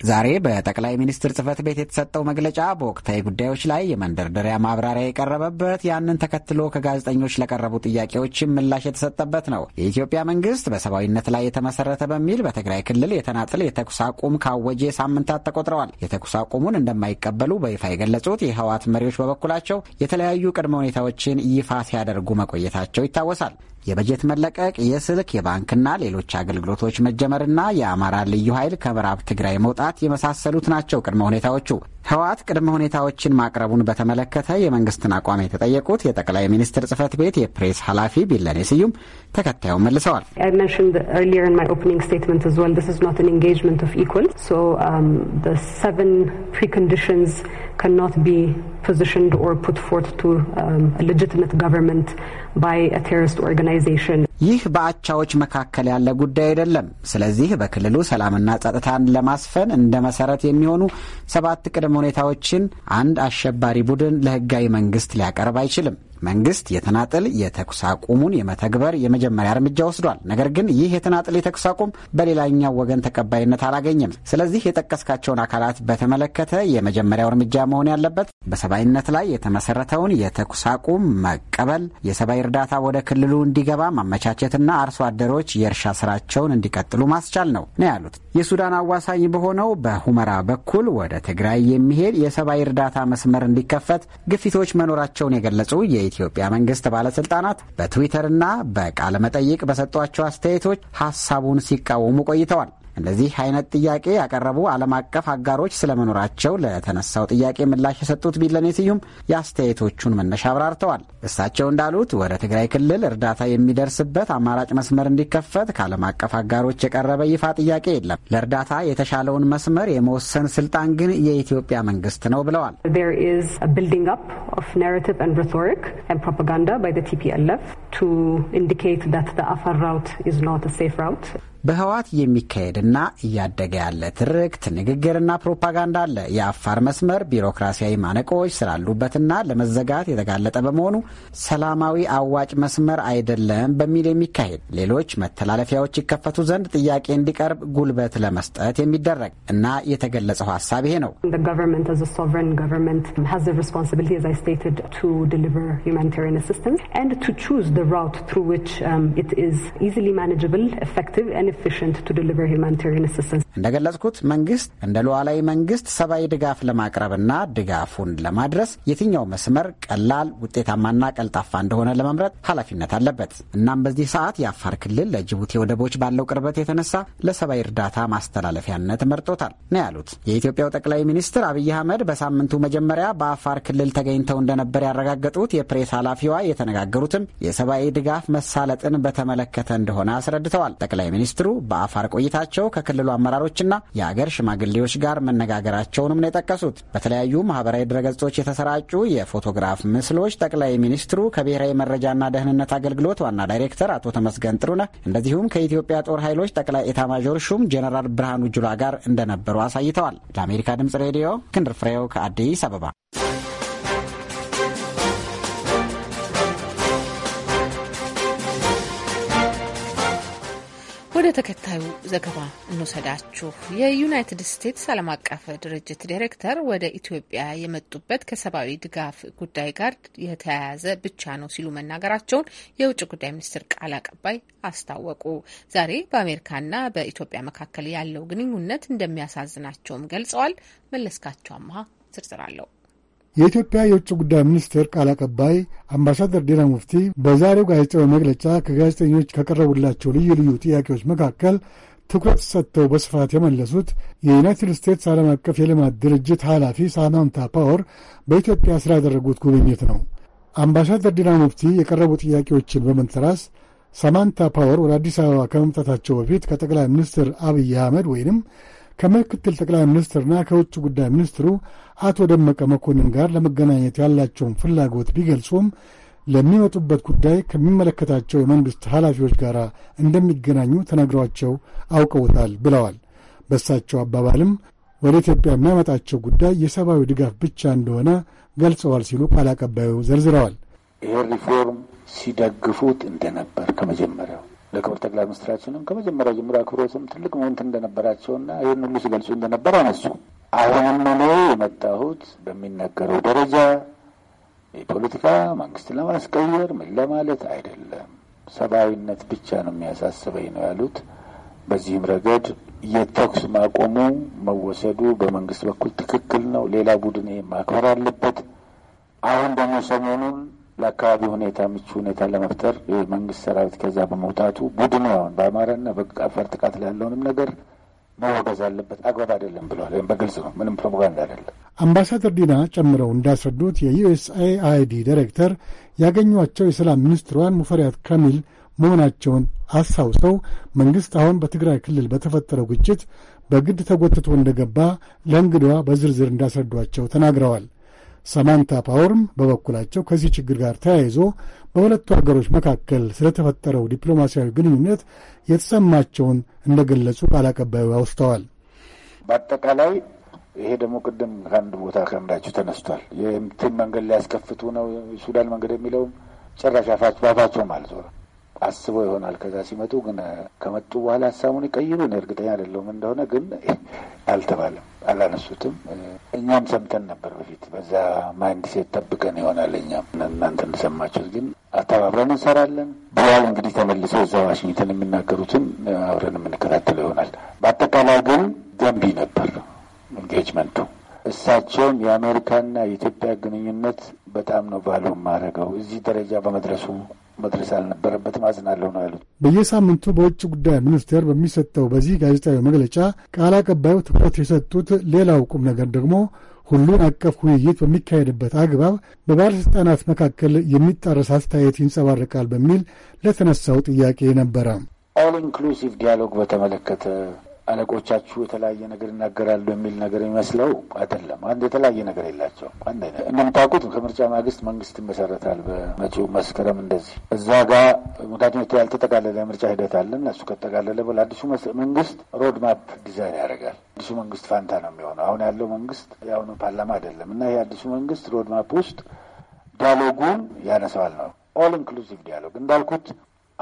ዛሬ በጠቅላይ ሚኒስትር ጽህፈት ቤት የተሰጠው መግለጫ በወቅታዊ ጉዳዮች ላይ የመንደርደሪያ ማብራሪያ የቀረበበት ያንን ተከትሎ ከጋዜጠኞች ለቀረቡ ጥያቄዎችም ምላሽ የተሰጠበት ነው። የኢትዮጵያ መንግስት በሰብአዊነት ላይ የተመሰረተ በሚል በትግራይ ክልል የተናጥል የተኩስ አቁም ካወጀ ሳምንታት ተቆጥረዋል። የተኩስ አቁሙን እንደማይቀበሉ በይፋ የገለጹት የህወሓት መሪዎች በበኩላቸው የተለያዩ ቅድመ ሁኔታዎችን ይፋ ሲያደርጉ መቆየታቸው ይታወሳል። የበጀት መለቀቅ፣ የስልክ የባንክና ሌሎች አገልግሎቶች መጀመርና የአማራ ልዩ ኃይል ከምዕራብ ትግራይ መውጣት የመሳሰሉት ናቸው ቅድመ ሁኔታዎቹ። ህወሓት ቅድመ ሁኔታዎችን ማቅረቡን በተመለከተ የመንግስትን አቋም የተጠየቁት የጠቅላይ ሚኒስትር ጽህፈት ቤት የፕሬስ ኃላፊ ቢለኔ ስዩም ተከታዩን መልሰዋል። um, positioned or put forth to um, a legitimate government by a terrorist organization. ይህ በአቻዎች መካከል ያለ ጉዳይ አይደለም። ስለዚህ በክልሉ ሰላምና ጸጥታን ለማስፈን እንደ መሰረት የሚሆኑ ሰባት ቅድመ ሁኔታዎችን አንድ አሸባሪ ቡድን ለህጋዊ መንግስት ሊያቀርብ አይችልም። መንግስት የተናጠል የተኩስ አቁሙን የመተግበር የመጀመሪያ እርምጃ ወስዷል። ነገር ግን ይህ የተናጠል የተኩስ አቁም በሌላኛው ወገን ተቀባይነት አላገኘም። ስለዚህ የጠቀስካቸውን አካላት በተመለከተ የመጀመሪያው እርምጃ መሆን ያለበት በሰብአዊነት ላይ የተመሰረተውን የተኩስ አቁም መቀበል፣ የሰብአዊ እርዳታ ወደ ክልሉ እንዲገባ ማመቻቸትና አርሶ አደሮች የእርሻ ስራቸውን እንዲቀጥሉ ማስቻል ነው ነው ያሉት። የሱዳን አዋሳኝ በሆነው በሁመራ በኩል ወደ ትግራይ የሚሄድ የሰብአዊ እርዳታ መስመር እንዲከፈት ግፊቶች መኖራቸውን የገለጹ የኢትዮጵያ መንግስት ባለስልጣናት በትዊተርና በቃለመጠይቅ በሰጧቸው አስተያየቶች ሀሳቡን ሲቃወሙ ቆይተዋል። እንደዚህ አይነት ጥያቄ ያቀረቡ ዓለም አቀፍ አጋሮች ስለመኖራቸው ለተነሳው ጥያቄ ምላሽ የሰጡት ቢለኔ ስዩም የአስተያየቶቹን መነሻ አብራርተዋል። እሳቸው እንዳሉት ወደ ትግራይ ክልል እርዳታ የሚደርስበት አማራጭ መስመር እንዲከፈት ከዓለም አቀፍ አጋሮች የቀረበ ይፋ ጥያቄ የለም። ለእርዳታ የተሻለውን መስመር የመወሰን ስልጣን ግን የኢትዮጵያ መንግስት ነው ብለዋል። ኢንዲኬት ራውት በህዋት የሚካሄድና እያደገ ያለ ትርክት፣ ንግግርና ፕሮፓጋንዳ አለ። የአፋር መስመር ቢሮክራሲያዊ ማነቆዎች ስላሉበትና ለመዘጋት የተጋለጠ በመሆኑ ሰላማዊ አዋጭ መስመር አይደለም በሚል የሚካሄድ ሌሎች መተላለፊያዎች ይከፈቱ ዘንድ ጥያቄ እንዲቀርብ ጉልበት ለመስጠት የሚደረግ እና የተገለጸው ሀሳብ ይሄ ነው። ሪስፖንሲቢሊቲ እንደገለጽኩት መንግስት እንደ ሉዓላዊ መንግስት ሰብአዊ ድጋፍ ለማቅረብና ድጋፉን ለማድረስ የትኛው መስመር ቀላል፣ ውጤታማና ቀልጣፋ እንደሆነ ለመምረጥ ኃላፊነት አለበት። እናም በዚህ ሰዓት የአፋር ክልል ለጅቡቲ ወደቦች ባለው ቅርበት የተነሳ ለሰብአዊ እርዳታ ማስተላለፊያነት መርጦታል ነው ያሉት የኢትዮጵያው ጠቅላይ ሚኒስትር አብይ አህመድ በሳምንቱ መጀመሪያ በአፋር ክልል ተገኝተው እንደነበር ያረጋገጡት የፕሬስ ኃላፊዋ የተነጋገሩትም የሰብአዊ ድጋፍ መሳለጥን በተመለከተ እንደሆነ አስረድተዋል። ጠቅላይ ሚኒስትሩ ሚኒስትሩ በአፋር ቆይታቸው ከክልሉ አመራሮችና የአገር ሽማግሌዎች ጋር መነጋገራቸውንም ነው የጠቀሱት። በተለያዩ ማህበራዊ ድረገጾች የተሰራጩ የፎቶግራፍ ምስሎች ጠቅላይ ሚኒስትሩ ከብሔራዊ መረጃና ደህንነት አገልግሎት ዋና ዳይሬክተር አቶ ተመስገን ጥሩነህ እንደዚሁም ከኢትዮጵያ ጦር ኃይሎች ጠቅላይ ኤታማዦር ሹም ጀነራል ብርሃኑ ጁላ ጋር እንደነበሩ አሳይተዋል። ለአሜሪካ ድምጽ ሬዲዮ እስክንድር ፍሬው ከአዲስ አበባ ወደ ተከታዩ ዘገባ እንውሰዳችሁ። የዩናይትድ ስቴትስ ዓለም አቀፍ ድርጅት ዳይሬክተር ወደ ኢትዮጵያ የመጡበት ከሰብአዊ ድጋፍ ጉዳይ ጋር የተያያዘ ብቻ ነው ሲሉ መናገራቸውን የውጭ ጉዳይ ሚኒስትር ቃል አቀባይ አስታወቁ። ዛሬ በአሜሪካና በኢትዮጵያ መካከል ያለው ግንኙነት እንደሚያሳዝናቸውም ገልጸዋል። መለስካቸው አምሃ ዝርዝር አለው። የኢትዮጵያ የውጭ ጉዳይ ሚኒስቴር ቃል አቀባይ አምባሳደር ዲና ሙፍቲ በዛሬው ጋዜጣዊ መግለጫ ከጋዜጠኞች ከቀረቡላቸው ልዩ ልዩ ጥያቄዎች መካከል ትኩረት ሰጥተው በስፋት የመለሱት የዩናይትድ ስቴትስ ዓለም አቀፍ የልማት ድርጅት ኃላፊ ሳማንታ ፓወር በኢትዮጵያ ስላደረጉት ጉብኝት ነው። አምባሳደር ዲና ሙፍቲ የቀረቡ ጥያቄዎችን በመንተራስ ሳማንታ ፓወር ወደ አዲስ አበባ ከመምጣታቸው በፊት ከጠቅላይ ሚኒስትር አብይ አህመድ ወይንም ከምክትል ጠቅላይ ሚኒስትርና ከውጭ ጉዳይ ሚኒስትሩ አቶ ደመቀ መኮንን ጋር ለመገናኘት ያላቸውን ፍላጎት ቢገልጹም ለሚመጡበት ጉዳይ ከሚመለከታቸው የመንግሥት ኃላፊዎች ጋር እንደሚገናኙ ተነግሯቸው አውቀውታል ብለዋል። በእሳቸው አባባልም ወደ ኢትዮጵያ የሚያመጣቸው ጉዳይ የሰብአዊ ድጋፍ ብቻ እንደሆነ ገልጸዋል ሲሉ ቃል አቀባዩ ዘርዝረዋል። ይህ ሪፎርም ሲደግፉት እንደነበር ከመጀመሪያው ለክብር ጠቅላይ ሚኒስትራችንም ከመጀመሪያ ጀምሮ አክብሮትም ትልቅ መሆንት እንደነበራቸውና ይህን ሁሉ ሲገልጹ እንደነበር አነሱ። አሁንም እኔ የመጣሁት በሚነገረው ደረጃ የፖለቲካ መንግስትን ለማስቀየር ምን ለማለት አይደለም፣ ሰብአዊነት ብቻ ነው የሚያሳስበኝ ነው ያሉት። በዚህም ረገድ የተኩስ ማቆሙ መወሰዱ በመንግስት በኩል ትክክል ነው። ሌላ ቡድን ማክበር አለበት። አሁን ደግሞ ሰሞኑን ለአካባቢ ሁኔታ ምቹ ሁኔታ ለመፍጠር የመንግስት ሰራዊት ከዛ በመውጣቱ ቡድኑ አሁን በአማራና በአፋር ጥቃት ላይ ያለውንም ነገር መወገዝ አለበት። አግባብ አይደለም ብለዋል። ወይም በግልጽ ነው፣ ምንም ፕሮፓጋንዳ አይደለም። አምባሳደር ዲና ጨምረው እንዳስረዱት የዩኤስአይአይዲ ዳይሬክተር ያገኟቸው የሰላም ሚኒስትሯን ሙፈሪያት ካሚል መሆናቸውን አስታውሰው መንግሥት አሁን በትግራይ ክልል በተፈጠረው ግጭት በግድ ተጎትቶ እንደገባ ለእንግዷ በዝርዝር እንዳስረዷቸው ተናግረዋል። ሳማንታ ፓወርም በበኩላቸው ከዚህ ችግር ጋር ተያይዞ በሁለቱ አገሮች መካከል ስለተፈጠረው ዲፕሎማሲያዊ ግንኙነት የተሰማቸውን እንደገለጹ ቃል አቀባዩ አውስተዋል። በአጠቃላይ ይሄ ደግሞ ቅድም ከአንድ ቦታ ከምዳችሁ ተነስቷል። የምትን መንገድ ሊያስከፍቱ ነው ሱዳን መንገድ የሚለውም ጭራሽ አፋቸው ማለት ነው አስበው ይሆናል። ከዛ ሲመጡ ግን ከመጡ በኋላ ሀሳቡን ይቀይሩ እርግጠኛ አይደለሁም። እንደሆነ ግን አልተባለም፣ አላነሱትም። እኛም ሰምተን ነበር በፊት በዛ ማይንድ ሴት ጠብቀን ይሆናል። እኛም እናንተ እንደሰማችሁት ግን አተባብረን እንሰራለን ብለዋል። እንግዲህ ተመልሰው እዛ ዋሽንግተን የሚናገሩትን አብረን የምንከታተለው ይሆናል። በአጠቃላይ ግን ገንቢ ነበር ኢንጌጅመንቱ። እሳቸውም የአሜሪካና የኢትዮጵያ ግንኙነት በጣም ነው ባሉ ማድረገው እዚህ ደረጃ በመድረሱ መድረስ አልነበረበትም። አዝናለሁ ነው ያሉት። በየሳምንቱ በውጭ ጉዳይ ሚኒስቴር በሚሰጠው በዚህ ጋዜጣዊ መግለጫ ቃል አቀባዩ ትኩረት የሰጡት ሌላው ቁም ነገር ደግሞ ሁሉን አቀፍ ውይይት በሚካሄድበት አግባብ በባለሥልጣናት መካከል የሚጣረስ አስተያየት ይንጸባረቃል በሚል ለተነሳው ጥያቄ ነበረ። ኦል ኢንክሉሲቭ ዲያሎግ በተመለከተ አለቆቻችሁ የተለያየ ነገር ይናገራሉ የሚል ነገር የሚመስለው አይደለም። አንድ የተለያየ ነገር የላቸውም። አንድ እንደምታውቁት ከምርጫ ማግስት መንግስት ይመሰረታል። በመጪው መስከረም እንደዚህ እዛ ጋር ምክንያቱም ያልተጠቃለለ ምርጫ ሂደት አለ እሱ ከተጠቃለለ በኋላ አዲሱ መንግስት ሮድማፕ ዲዛይን ያደርጋል። አዲሱ መንግስት ፋንታ ነው የሚሆነው። አሁን ያለው መንግስት የአሁኑ ፓርላማ አይደለም እና ይህ አዲሱ መንግስት ሮድማፕ ውስጥ ዲያሎጉን ያነሳዋል ነው ኦል ኢንክሉዚቭ ዲያሎግ እንዳልኩት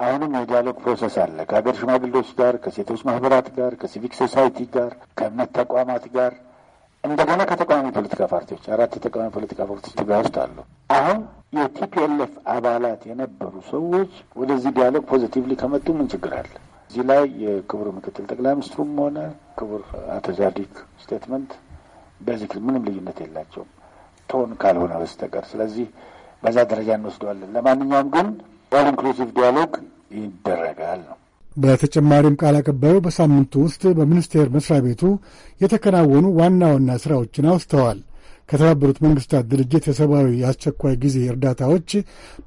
አሁንም የዲያሎግ ፕሮሰስ አለ። ከሀገር ሽማግሌዎች ጋር፣ ከሴቶች ማህበራት ጋር፣ ከሲቪክ ሶሳይቲ ጋር፣ ከእምነት ተቋማት ጋር እንደገና ከተቃዋሚ ፖለቲካ ፓርቲዎች አራት የተቃዋሚ ፖለቲካ ፓርቲዎች ትግራይ ውስጥ አሉ። አሁን የቲፒኤልኤፍ አባላት የነበሩ ሰዎች ወደዚህ ዲያሎግ ፖዚቲቭሊ ከመጡ ምን ችግር አለ? እዚህ ላይ የክቡር ምክትል ጠቅላይ ሚኒስትሩም ሆነ ክቡር አቶ ዛዲግ ስቴትመንት በዚህ ምንም ልዩነት የላቸውም ቶን ካልሆነ በስተቀር ስለዚህ በዛ ደረጃ እንወስደዋለን። ለማንኛውም ግን ኦል ኢንክሉሲቭ ዲያሎግ ይደረጋል ነው። በተጨማሪም ቃል አቀባዩ በሳምንቱ ውስጥ በሚኒስቴር መስሪያ ቤቱ የተከናወኑ ዋና ዋና ስራዎችን አውስተዋል። ከተባበሩት መንግስታት ድርጅት የሰብአዊ የአስቸኳይ ጊዜ እርዳታዎች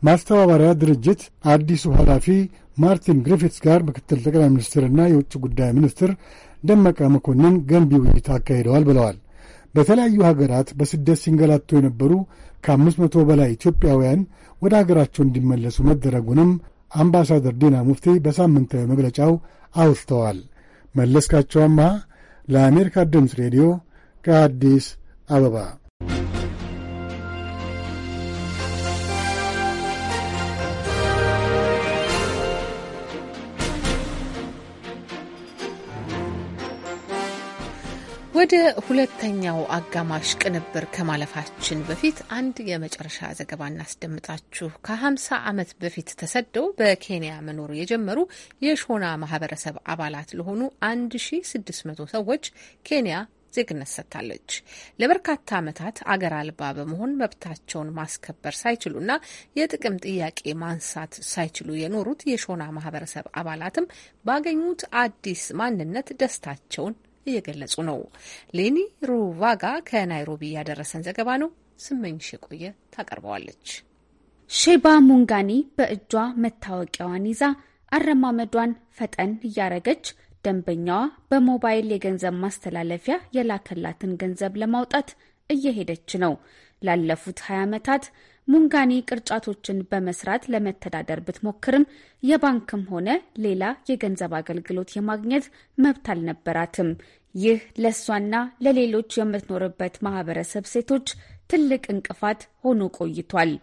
ማስተባበሪያ ድርጅት አዲሱ ኃላፊ ማርቲን ግሪፊትስ ጋር ምክትል ጠቅላይ ሚኒስትርና የውጭ ጉዳይ ሚኒስትር ደመቀ መኮንን ገንቢ ውይይት አካሂደዋል ብለዋል። በተለያዩ ሀገራት በስደት ሲንገላቱ የነበሩ ከአምስት መቶ በላይ ኢትዮጵያውያን ወደ ሀገራቸው እንዲመለሱ መደረጉንም አምባሳደር ዲና ሙፍቲ በሳምንታዊ መግለጫው አውስተዋል። መለስካቸው ለአሜሪካ ድምፅ ሬዲዮ ከአዲስ አበባ ወደ ሁለተኛው አጋማሽ ቅንብር ከማለፋችን በፊት አንድ የመጨረሻ ዘገባ እናስደምጣችሁ። ከ50 ዓመት በፊት ተሰደው በኬንያ መኖር የጀመሩ የሾና ማህበረሰብ አባላት ለሆኑ 1600 ሰዎች ኬንያ ዜግነት ሰጥታለች። ለበርካታ ዓመታት አገር አልባ በመሆን መብታቸውን ማስከበር ሳይችሉና የጥቅም ጥያቄ ማንሳት ሳይችሉ የኖሩት የሾና ማህበረሰብ አባላትም ባገኙት አዲስ ማንነት ደስታቸውን እየገለጹ ነው። ሌኒ ሩቫጋ ከናይሮቢ ያደረሰን ዘገባ ነው። ስመኝሽ የቆየ ታቀርበዋለች። ሼባ ሙንጋኒ በእጇ መታወቂያዋን ይዛ አረማመዷን ፈጠን እያረገች ደንበኛዋ በሞባይል የገንዘብ ማስተላለፊያ የላከላትን ገንዘብ ለማውጣት እየሄደች ነው። ላለፉት 20 ዓመታት ሙንጋኒ ቅርጫቶችን በመስራት ለመተዳደር ብትሞክርም የባንክም ሆነ ሌላ የገንዘብ አገልግሎት የማግኘት መብት አልነበራትም። ይህ ለእሷና ለሌሎች የምትኖርበት ማህበረሰብ ሴቶች ትልቅ እንቅፋት ሆኖ ቆይቷል።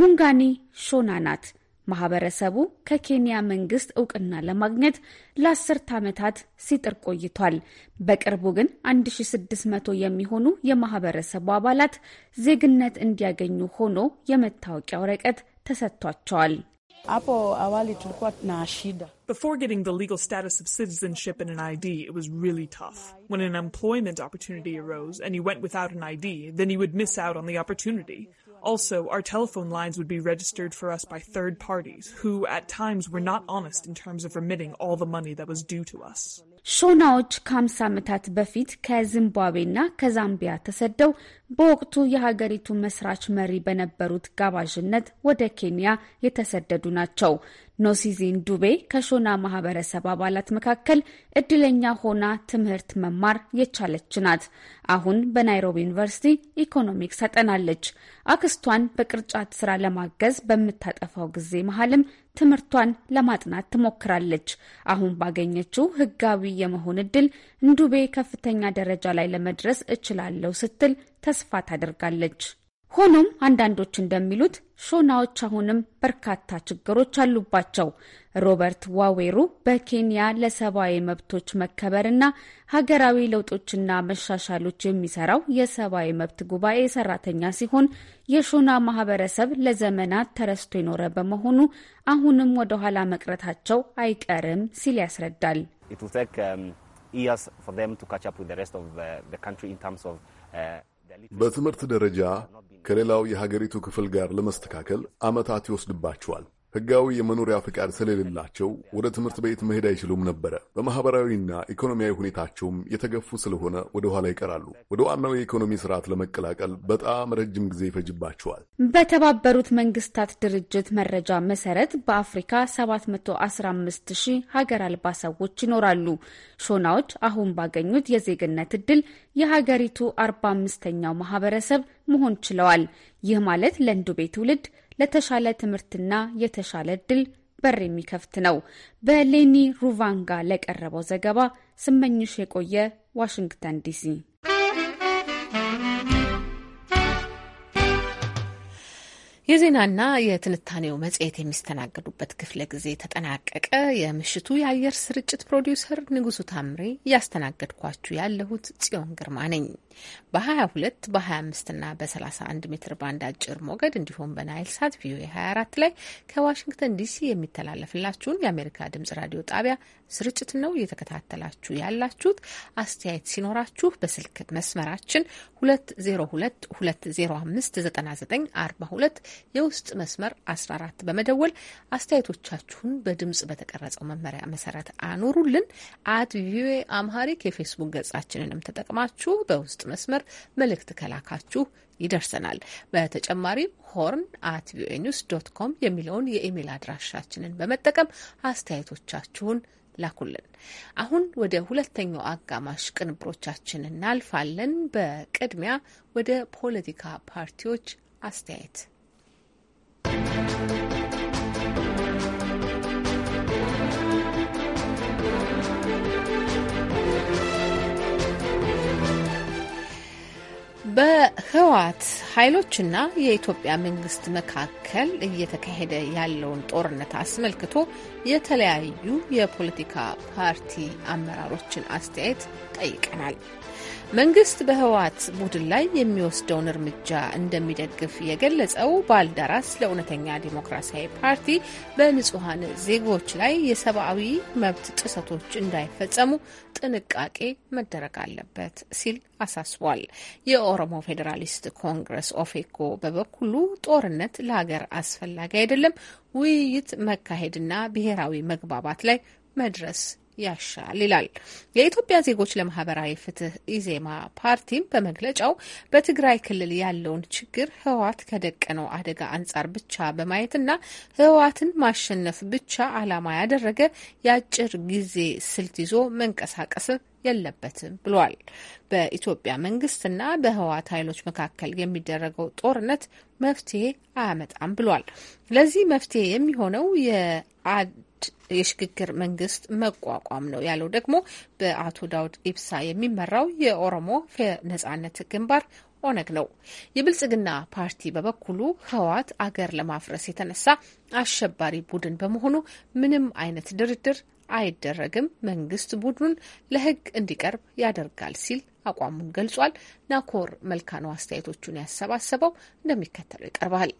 ሙንጋኒ ሾና ናት። ማህበረሰቡ ከኬንያ መንግስት እውቅና ለማግኘት ለአስርት ዓመታት ሲጥር ቆይቷል። በቅርቡ ግን 1600 የሚሆኑ የማህበረሰቡ አባላት ዜግነት እንዲያገኙ ሆኖ የመታወቂያ ወረቀት ተሰጥቷቸዋል። Before getting the legal status of citizenship and an ID, it was really tough. When an employment opportunity arose and you went without an ID, then you would miss out on the opportunity. Also, our telephone lines would be registered for us by third parties, who at times were not honest in terms of remitting all the money that was due to us. ሾናዎች ከ50 ዓመታት በፊት ከዚምባብዌና ከዛምቢያ ተሰደው በወቅቱ የሀገሪቱ መስራች መሪ በነበሩት ጋባዥነት ወደ ኬንያ የተሰደዱ ናቸው። ኖሲዚን ዱቤ ከሾና ማህበረሰብ አባላት መካከል እድለኛ ሆና ትምህርት መማር የቻለች ናት። አሁን በናይሮቢ ዩኒቨርሲቲ ኢኮኖሚክስ ታጠናለች። አክስቷን በቅርጫት ስራ ለማገዝ በምታጠፋው ጊዜ መሀልም ትምህርቷን ለማጥናት ትሞክራለች። አሁን ባገኘችው ህጋዊ የመሆን እድል እንዱቤ ከፍተኛ ደረጃ ላይ ለመድረስ እችላለሁ ስትል ተስፋ ታደርጋለች። ሆኖም አንዳንዶች እንደሚሉት ሾናዎች አሁንም በርካታ ችግሮች አሉባቸው። ሮበርት ዋዌሩ በኬንያ ለሰብአዊ መብቶች መከበርና ሀገራዊ ለውጦችና መሻሻሎች የሚሰራው የሰብአዊ መብት ጉባኤ ሰራተኛ ሲሆን የሾና ማህበረሰብ ለዘመናት ተረስቶ የኖረ በመሆኑ አሁንም ወደኋላ መቅረታቸው አይቀርም ሲል ያስረዳል። በትምህርት ደረጃ ከሌላው የሀገሪቱ ክፍል ጋር ለመስተካከል ዓመታት ይወስድባቸዋል። ህጋዊ የመኖሪያ ፍቃድ ስለሌላቸው ወደ ትምህርት ቤት መሄድ አይችሉም ነበረ። በማኅበራዊና ኢኮኖሚያዊ ሁኔታቸውም የተገፉ ስለሆነ ወደ ኋላ ይቀራሉ። ወደ ዋናው የኢኮኖሚ ስርዓት ለመቀላቀል በጣም ረጅም ጊዜ ይፈጅባቸዋል። በተባበሩት መንግስታት ድርጅት መረጃ መሰረት በአፍሪካ 715 ሺህ ሀገር አልባ ሰዎች ይኖራሉ። ሾናዎች አሁን ባገኙት የዜግነት ዕድል የሀገሪቱ 45ኛው ማህበረሰብ መሆን ችለዋል። ይህ ማለት ቤት ትውልድ ለተሻለ ትምህርትና የተሻለ እድል በር የሚከፍት ነው። በሌኒ ሩቫንጋ ለቀረበው ዘገባ ስመኝሽ የቆየ ዋሽንግተን ዲሲ የዜናና የትንታኔው መጽሔት የሚስተናገዱበት ክፍለ ጊዜ ተጠናቀቀ። የምሽቱ የአየር ስርጭት ፕሮዲውሰር ንጉሱ ታምሬ፣ እያስተናገድኳችሁ ያለሁት ጽዮን ግርማ ነኝ። በ22 በ25ና በ31 ሜትር ባንድ አጭር ሞገድ እንዲሁም በናይል ሳት ቪኦኤ 24 ላይ ከዋሽንግተን ዲሲ የሚተላለፍላችሁን የአሜሪካ ድምጽ ራዲዮ ጣቢያ ስርጭት ነው እየተከታተላችሁ ያላችሁት። አስተያየት ሲኖራችሁ በስልክ መስመራችን 202 205 9942 የውስጥ መስመር 14 በመደወል አስተያየቶቻችሁን በድምጽ በተቀረጸው መመሪያ መሰረት አኖሩልን። አት ቪኦኤ አምሃሪክ የፌስቡክ ገጻችንንም ተጠቅማችሁ በውስጥ መስመር መልእክት ከላካችሁ ይደርሰናል። በተጨማሪም ሆርን አት ቪኦኤ ኒውስ ዶት ኮም የሚለውን የኢሜል አድራሻችንን በመጠቀም አስተያየቶቻችሁን ላኩልን። አሁን ወደ ሁለተኛው አጋማሽ ቅንብሮቻችን እናልፋለን። በቅድሚያ ወደ ፖለቲካ ፓርቲዎች አስተያየት በህወሓት ኃይሎችና የኢትዮጵያ መንግስት መካከል እየተካሄደ ያለውን ጦርነት አስመልክቶ የተለያዩ የፖለቲካ ፓርቲ አመራሮችን አስተያየት ጠይቀናል። መንግስት በህወሓት ቡድን ላይ የሚወስደውን እርምጃ እንደሚደግፍ የገለጸው ባልደራስ ለእውነተኛ ዲሞክራሲያዊ ፓርቲ በንጹሐን ዜጎች ላይ የሰብአዊ መብት ጥሰቶች እንዳይፈጸሙ ጥንቃቄ መደረግ አለበት ሲል አሳስቧል። የኦሮሞ ፌዴራሊስት ኮንግረስ ኦፌኮ በበኩሉ ጦርነት ለሀገር አስፈላጊ አይደለም፣ ውይይት መካሄድና ብሔራዊ መግባባት ላይ መድረስ ያሻል ይላል። የኢትዮጵያ ዜጎች ለማህበራዊ ፍትህ ኢዜማ ፓርቲም በመግለጫው በትግራይ ክልል ያለውን ችግር ህወሓት ከደቀነው አደጋ አንጻር ብቻ በማየትና ህወሓትን ማሸነፍ ብቻ ዓላማ ያደረገ የአጭር ጊዜ ስልት ይዞ መንቀሳቀስ የለበትም ብሏል። በኢትዮጵያ መንግስትና በህወሓት ኃይሎች መካከል የሚደረገው ጦርነት መፍትሄ አያመጣም ብሏል። ለዚህ መፍትሄ የሚሆነው የሽግግር መንግስት መቋቋም ነው ያለው ደግሞ በአቶ ዳውድ ኢብሳ የሚመራው የኦሮሞ ነጻነት ግንባር ኦነግ ነው። የብልጽግና ፓርቲ በበኩሉ ህወሓት አገር ለማፍረስ የተነሳ አሸባሪ ቡድን በመሆኑ ምንም አይነት ድርድር አይደረግም፣ መንግስት ቡድኑን ለህግ እንዲቀርብ ያደርጋል ሲል አቋሙን ገልጿል። ናኮር መልካ ነው አስተያየቶቹን ያሰባሰበው፣ እንደሚከተለው ይቀርባል።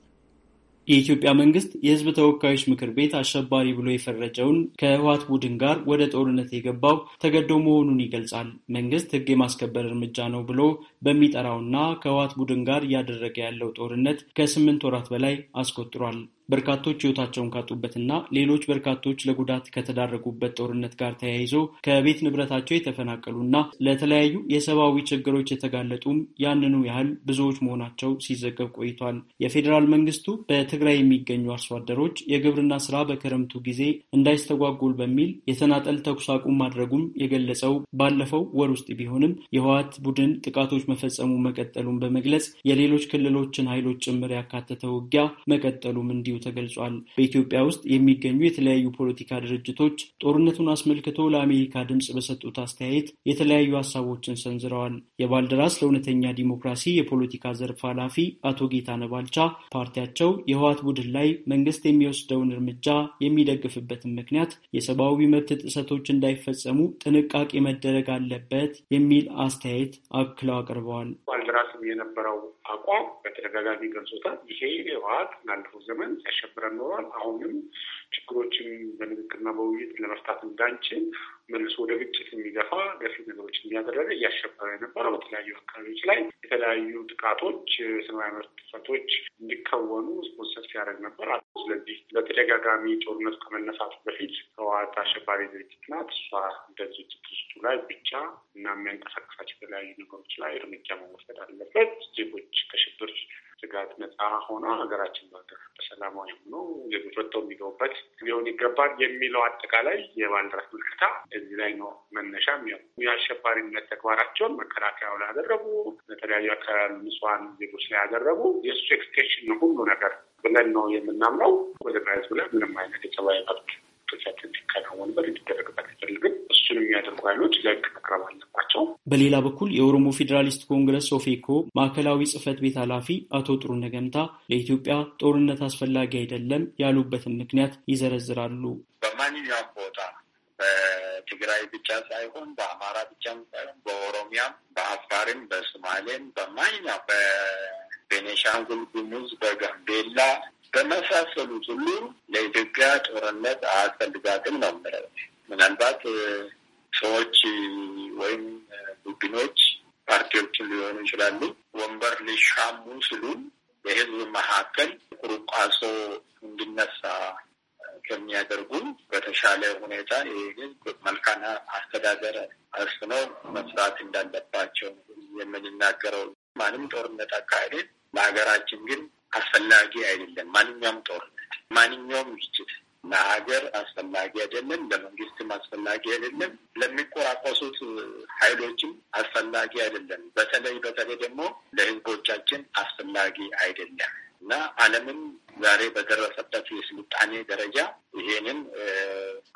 የኢትዮጵያ መንግስት የህዝብ ተወካዮች ምክር ቤት አሸባሪ ብሎ የፈረጀውን ከህወሓት ቡድን ጋር ወደ ጦርነት የገባው ተገዶ መሆኑን ይገልጻል። መንግስት ህግ የማስከበር እርምጃ ነው ብሎ በሚጠራውና ከህወሓት ቡድን ጋር እያደረገ ያለው ጦርነት ከስምንት ወራት በላይ አስቆጥሯል። በርካቶች ህይወታቸውን ካጡበትና ሌሎች በርካቶች ለጉዳት ከተዳረጉበት ጦርነት ጋር ተያይዞ ከቤት ንብረታቸው የተፈናቀሉና ለተለያዩ የሰብአዊ ችግሮች የተጋለጡም ያንኑ ያህል ብዙዎች መሆናቸው ሲዘገብ ቆይቷል። የፌዴራል መንግስቱ በትግራይ የሚገኙ አርሶ አደሮች የግብርና ስራ በክረምቱ ጊዜ እንዳይስተጓጎል በሚል የተናጠል ተኩስ አቁም ማድረጉም የገለጸው ባለፈው ወር ውስጥ ቢሆንም የህወሓት ቡድን ጥቃቶች መፈጸሙ መቀጠሉን በመግለጽ የሌሎች ክልሎችን ኃይሎች ጭምር ያካተተ ውጊያ መቀጠሉም እንዲሁ ተገልጿል። በኢትዮጵያ ውስጥ የሚገኙ የተለያዩ ፖለቲካ ድርጅቶች ጦርነቱን አስመልክቶ ለአሜሪካ ድምፅ በሰጡት አስተያየት የተለያዩ ሀሳቦችን ሰንዝረዋል። የባልደራስ ለእውነተኛ ዲሞክራሲ የፖለቲካ ዘርፍ ኃላፊ አቶ ጌታ ነባልቻ ፓርቲያቸው የህወሓት ቡድን ላይ መንግስት የሚወስደውን እርምጃ የሚደግፍበትን ምክንያት የሰብአዊ መብት ጥሰቶች እንዳይፈጸሙ ጥንቃቄ መደረግ አለበት የሚል አስተያየት አክለው አቅርበዋል። አቅርበዋል። ባልደራስ የነበረው አቋም በተደጋጋሚ ገልጾታል። ይሄ ህወሓት ላለፈው ዘመን ሲያሸብረን ኖሯል። አሁንም ችግሮችን በንግግርና በውይይት ለመፍታት እንዳንችል መልሶ ወደ ግጭት የሚገፋ ገፊ ነገሮች እያደረገ እያሸበረ የነበረ በተለያዩ አካባቢዎች ላይ የተለያዩ ጥቃቶች ሰብአዊ መብት ጥሰቶች እንዲከወኑ ስፖንሰር ሲያደርግ ነበር። ስለዚህ በተደጋጋሚ ጦርነቱ ከመነሳቱ በፊት ህወሓት አሸባሪ ድርጅት ናት፣ እሷ እንደ ድርጅት ውስጡ ላይ ብቻ እና የሚያንቀሳቀሳቸው የተለያዩ ነገሮች ላይ እርምጃ መወሰድ አለበት። ዜጎች ከሽብር ስጋት ነፃ ሆኖ ሀገራችን ባገር በሰላማዊ ሆኖ ወጥተው የሚገቡበት ሊሆን ይገባል የሚለው አጠቃላይ የባንዲራ ምልክታ እዚህ ላይ ነው መነሻም ያው የአሸባሪነት ተግባራቸውን መከላከያው ላይ ያደረጉ በተለያዩ አካባቢ ንጹሃን ዜጎች ላይ ያደረጉ የእሱ ኤክስቴንሽን ሁሉ ነገር ብለን ነው የምናምነው። ወደ ህዝብ ላይ ምንም አይነት የሰብአዊ መብት ድርጅቶቻችን ሲከናወን በት እንዲደረግበት አይፈልግም። እሱን የሚያደርጉ ኃይሎች ለህግ መቅረብ አለባቸው። በሌላ በኩል የኦሮሞ ፌዴራሊስት ኮንግረስ ኦፌኮ ማዕከላዊ ጽህፈት ቤት ኃላፊ አቶ ጥሩነ ገምታ ለኢትዮጵያ ጦርነት አስፈላጊ አይደለም ያሉበትን ምክንያት ይዘረዝራሉ። በማንኛውም ቦታ በትግራይ ብቻ ሳይሆን በአማራ ብቻም ሳይሆን በኦሮሚያም፣ በአፋርም፣ በሶማሌም በማንኛውም በቤኔሻንጉል ጉሙዝ፣ በጋምቤላ በመሳሰሉት ሁሉ ለኢትዮጵያ ጦርነት አያስፈልጋትም ነው ምለው። ምናልባት ሰዎች ወይም ቡድኖች ፓርቲዎችን ሊሆኑ ይችላሉ ወንበር ሊሻሙ ስሉ በህዝብ መካከል ቁርቋሶ እንዲነሳ ከሚያደርጉ በተሻለ ሁኔታ የህዝብ መልካና አስተዳደር አስፍነው መስራት እንዳለባቸው የምንናገረው። ማንም ጦርነት አካሄደ በሀገራችን ግን አስፈላጊ አይደለም። ማንኛውም ጦርነት፣ ማንኛውም ግጭት ለሀገር አስፈላጊ አይደለም፣ ለመንግስትም አስፈላጊ አይደለም፣ ለሚቆራቆሱት ሀይሎችም አስፈላጊ አይደለም። በተለይ በተለይ ደግሞ ለህዝቦቻችን አስፈላጊ አይደለም እና ዓለምን ዛሬ በደረሰበት የስልጣኔ ደረጃ ይሄንን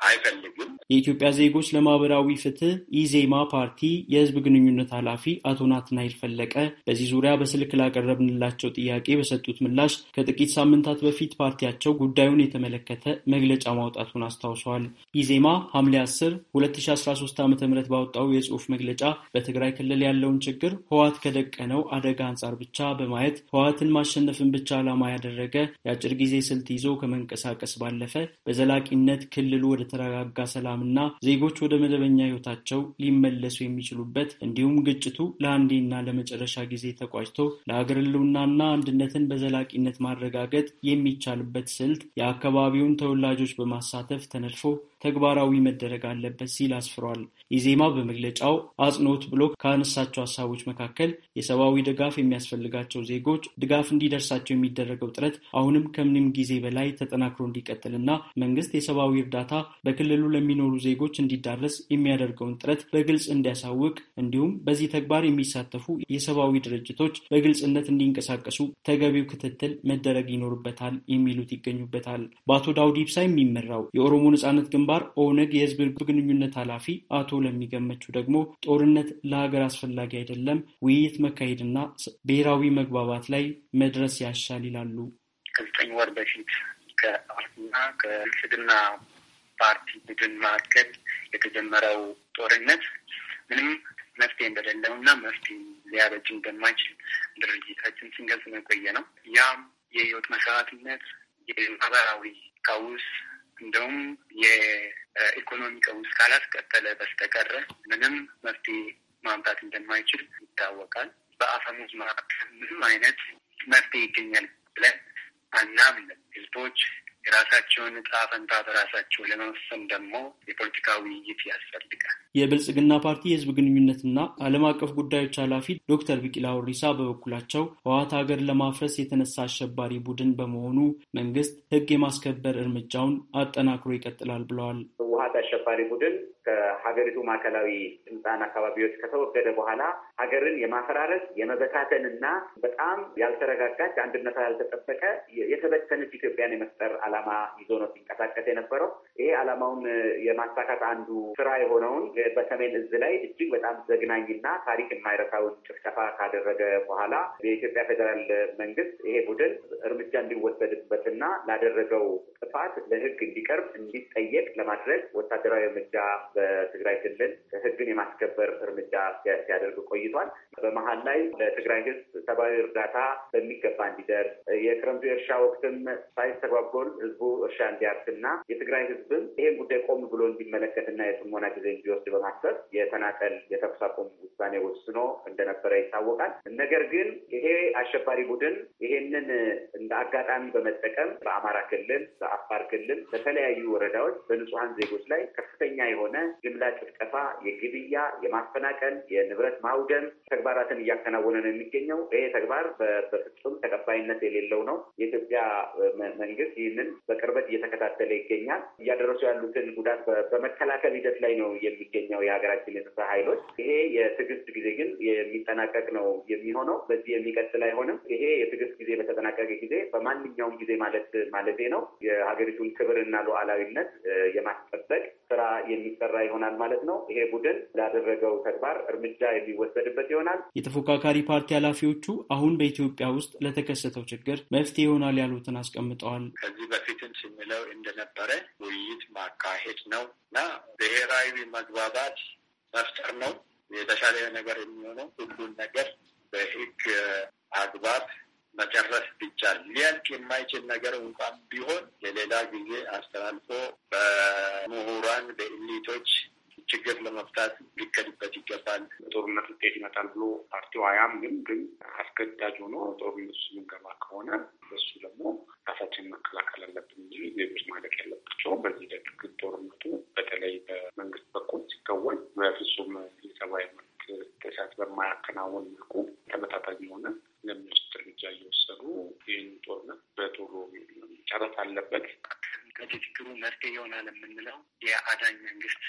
አይፈልግም። የኢትዮጵያ ዜጎች ለማህበራዊ ፍትህ ኢዜማ ፓርቲ የህዝብ ግንኙነት ኃላፊ አቶ ናትናኤል ፈለቀ በዚህ ዙሪያ በስልክ ላቀረብንላቸው ጥያቄ በሰጡት ምላሽ ከጥቂት ሳምንታት በፊት ፓርቲያቸው ጉዳዩን የተመለከተ መግለጫ ማውጣቱን አስታውሰዋል። ኢዜማ ሐምሌ 10 2013 ዓ ም ባወጣው የጽሁፍ መግለጫ በትግራይ ክልል ያለውን ችግር ህወሓት ከደቀነው አደጋ አንጻር ብቻ በማየት ህወሓትን ማሸነፍን ብቻ ዓላማ ያደረገ የአጭር ጊዜ ስልት ይዞ ከመንቀሳቀስ ባለፈ በዘላቂነት ክልሉ ወደ ተረጋጋ ሰላምና ዜጎች ወደ መደበኛ ህይወታቸው ሊመለሱ የሚችሉበት እንዲሁም ግጭቱ ለአንዴና ለመጨረሻ ጊዜ ተቋጭቶ ለሀገር ሕልውናና አንድነትን በዘላቂነት ማረጋገጥ የሚቻልበት ስልት የአካባቢውን ተወላጆች በማሳተፍ ተነድፎ ተግባራዊ መደረግ አለበት ሲል አስፍሯል። ኢዜማ በመግለጫው አጽንኦት ብሎ ካነሳቸው ሀሳቦች መካከል የሰብአዊ ድጋፍ የሚያስፈልጋቸው ዜጎች ድጋፍ እንዲደርሳቸው የሚደረገው ጥረት አሁንም ከምንም ጊዜ በላይ ተጠናክሮ እንዲቀጥልና መንግስት የሰብአዊ እርዳታ በክልሉ ለሚኖሩ ዜጎች እንዲዳረስ የሚያደርገውን ጥረት በግልጽ እንዲያሳውቅ እንዲሁም በዚህ ተግባር የሚሳተፉ የሰብአዊ ድርጅቶች በግልጽነት እንዲንቀሳቀሱ ተገቢው ክትትል መደረግ ይኖርበታል የሚሉት ይገኙበታል። በአቶ ዳውድ ኢብሳ የሚመራው የኦሮሞ ነጻነት ግንባር ኦነግ የህዝብ ግንኙነት ኃላፊ አቶ ለሚገመቹ ደግሞ ጦርነት ለሀገር አስፈላጊ አይደለም፣ ውይይት መካሄድና ብሔራዊ መግባባት ላይ መድረስ ያሻል ይላሉ። ከዘጠኝ ወር በፊት ከአርና ከብልጽግና ፓርቲ ቡድን መካከል የተጀመረው ጦርነት ምንም መፍትሄ እንደሌለው እና መፍትሄ ሊያበጅ እንደማይችል ድርጅታችን ስንገልጽ መቆየ ነው። ያም የህይወት መስዋዕትነት፣ የማህበራዊ ቀውስ እንደውም የኢኮኖሚ ቀውስ ካላስቀጠለ በስተቀረ ምንም መፍትሄ ማምጣት እንደማይችል ይታወቃል። በአፈሙዝ ማዕቀብ ምንም አይነት መፍትሄ ይገኛል ብለን አናምንም። ህዝቦች የራሳቸውን እጣ ፈንታ በራሳቸው ለመወሰን ደግሞ የፖለቲካ ውይይት ያስፈልጋል። የብልጽግና ፓርቲ የህዝብ ግንኙነትና ዓለም አቀፍ ጉዳዮች ኃላፊ ዶክተር ቢቂላ ሁሪሳ በበኩላቸው ህወሓት ሀገር ለማፍረስ የተነሳ አሸባሪ ቡድን በመሆኑ መንግስት ህግ የማስከበር እርምጃውን አጠናክሮ ይቀጥላል ብለዋል። አሸባሪ ቡድን ከሀገሪቱ ማዕከላዊ ስልጣን አካባቢዎች ከተወገደ በኋላ ሀገርን የማፈራረስ የመበታተንና በጣም ያልተረጋጋች አንድነቷ ያልተጠበቀ የተበተነች ኢትዮጵያን የመፍጠር ዓላማ ይዞ ነው ሲንቀሳቀስ የነበረው። ይሄ ዓላማውን የማሳካት አንዱ ስራ የሆነውን በሰሜን እዝ ላይ እጅግ በጣም ዘግናኝና ታሪክ የማይረሳውን ጭፍጨፋ ካደረገ በኋላ የኢትዮጵያ ፌዴራል መንግስት ይሄ ቡድን እርምጃ እንዲወሰድበትና ላደረገው ጥፋት ለህግ እንዲቀርብ እንዲጠየቅ ለማድረግ ወታደራዊ እርምጃ በትግራይ ክልል ህግን የማስከበር እርምጃ ሲያደርግ ቆይቷል። በመሀል ላይ ለትግራይ ህዝብ ሰብአዊ እርዳታ በሚገባ እንዲደርስ የክረምቱ የእርሻ ወቅትም ሳይስተጓጎል ህዝቡ እርሻ እንዲያርስና የትግራይ ህዝብም ይሄን ጉዳይ ቆም ብሎ እንዲመለከትና የጽሞና ጊዜ እንዲወስድ በማሰብ የተናጠል የተኩስ አቁም ውሳኔ ወስኖ እንደነበረ ይታወቃል። ነገር ግን ይሄ አሸባሪ ቡድን ይሄንን እንደ አጋጣሚ በመጠቀም በአማራ ክልል፣ በአፋር ክልል በተለያዩ ወረዳዎች በንጹሀን ዜጎች ላይ ከፍተኛ የሆነ ጅምላ ጭፍጨፋ፣ የግድያ፣ የማፈናቀል፣ የንብረት ማውደም ተግባራትን እያከናወነ ነው የሚገኘው። ይሄ ተግባር በፍጹም ተቀባይነት የሌለው ነው። የኢትዮጵያ መንግስት ይህንን በቅርበት እየተከታተለ ይገኛል። እያደረሱ ያሉትን ጉዳት በመከላከል ሂደት ላይ ነው የሚገኘው የሀገራችን የጸጥታ ኃይሎች። ይሄ የትዕግስት ጊዜ ግን የሚጠናቀቅ ነው የሚሆነው። በዚህ የሚቀጥል አይሆንም። ይሄ የትዕግስት ጊዜ በተጠናቀቀ ጊዜ በማንኛውም ጊዜ ማለት ማለቴ ነው የሀገሪቱን ክብርና ሉዓላዊነት የማስጠበቅ ስራ የሚሰራ ይሆናል ማለት ነው። ይሄ ቡድን ላደረገው ተግባር እርምጃ የሚወሰድበት ይሆናል። የተፎካካሪ ፓርቲ ኃላፊዎቹ አሁን በኢትዮጵያ ውስጥ ለተከሰተው ችግር መፍትሄ ይሆናል ያሉትን አስቀምጠዋል። ከዚህ በፊትም ስንለው እንደነበረ ውይይት ማካሄድ ነው እና ብሔራዊ መግባባት መፍጠር ነው የተሻለ ነገር የሚሆነው ሁሉን ነገር በህግ አግባብ መጨረስ ቢቻል ሊያልቅ የማይችል ነገር እንኳን ቢሆን የሌላ ጊዜ አስተላልፎ በምሁራን በኢሊቶች ችግር ለመፍታት ሊከድበት ይገባል። ጦርነት ውጤት ይመጣል ብሎ ፓርቲው አያም ግን አስገዳጅ ሆኖ ጦርነት ውስጥ ምንገባ ከሆነ በሱ ደግሞ ራሳችን መከላከል አለብን እንጂ ዜጎች ማለቅ ያለባቸው። በዚህ ደግግ ጦርነቱ በተለይ በመንግስት በኩል ሲከወን በፍጹም የሰብአዊ መብት ጥሰት በማያከናውን መልኩ ተመጣጣኝ የሆነ የሚወስድ እርምጃ እየወሰዱ ይህን ጦርነት በቶሎ መጨረስ አለበት። ከችግሩ መፍትሄ ይሆናል የምንለው የአዳኝ መንግስት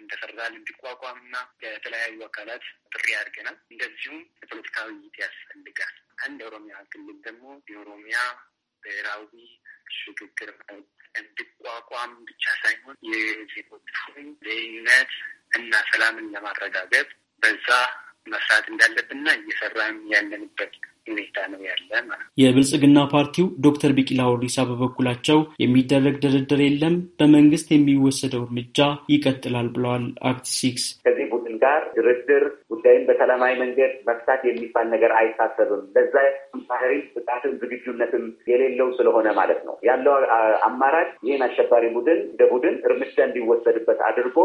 እንደ ፈደራል እንዲቋቋም እና ለተለያዩ አካላት ጥሪ አድርገናል። እንደዚሁም የፖለቲካዊ ውይይት ያስፈልጋል። አንድ የኦሮሚያ ክልል ደግሞ የኦሮሚያ ብሔራዊ ሽግግር እንዲቋቋም ብቻ ሳይሆን የዜጎቹን ደህንነት እና ሰላምን ለማረጋገጥ በዛ መስራት እንዳለብንና እየሰራን ያለንበት ሁኔታ ነው ያለ ማለት የብልጽግና ፓርቲው ዶክተር ቢቂላ በበኩላቸው የሚደረግ ድርድር የለም፣ በመንግስት የሚወሰደው እርምጃ ይቀጥላል ብለዋል። አክት ሲክስ ከዚህ ቡድን ጋር ድርድር ጉዳይን በሰላማዊ መንገድ መፍታት የሚባል ነገር አይታሰብም። ለዛ ባህሪ ብቃትም ዝግጁነትም የሌለው ስለሆነ ማለት ነው ያለው አማራጭ ይህን አሸባሪ ቡድን እንደ ቡድን እርምጃ እንዲወሰድበት አድርጎ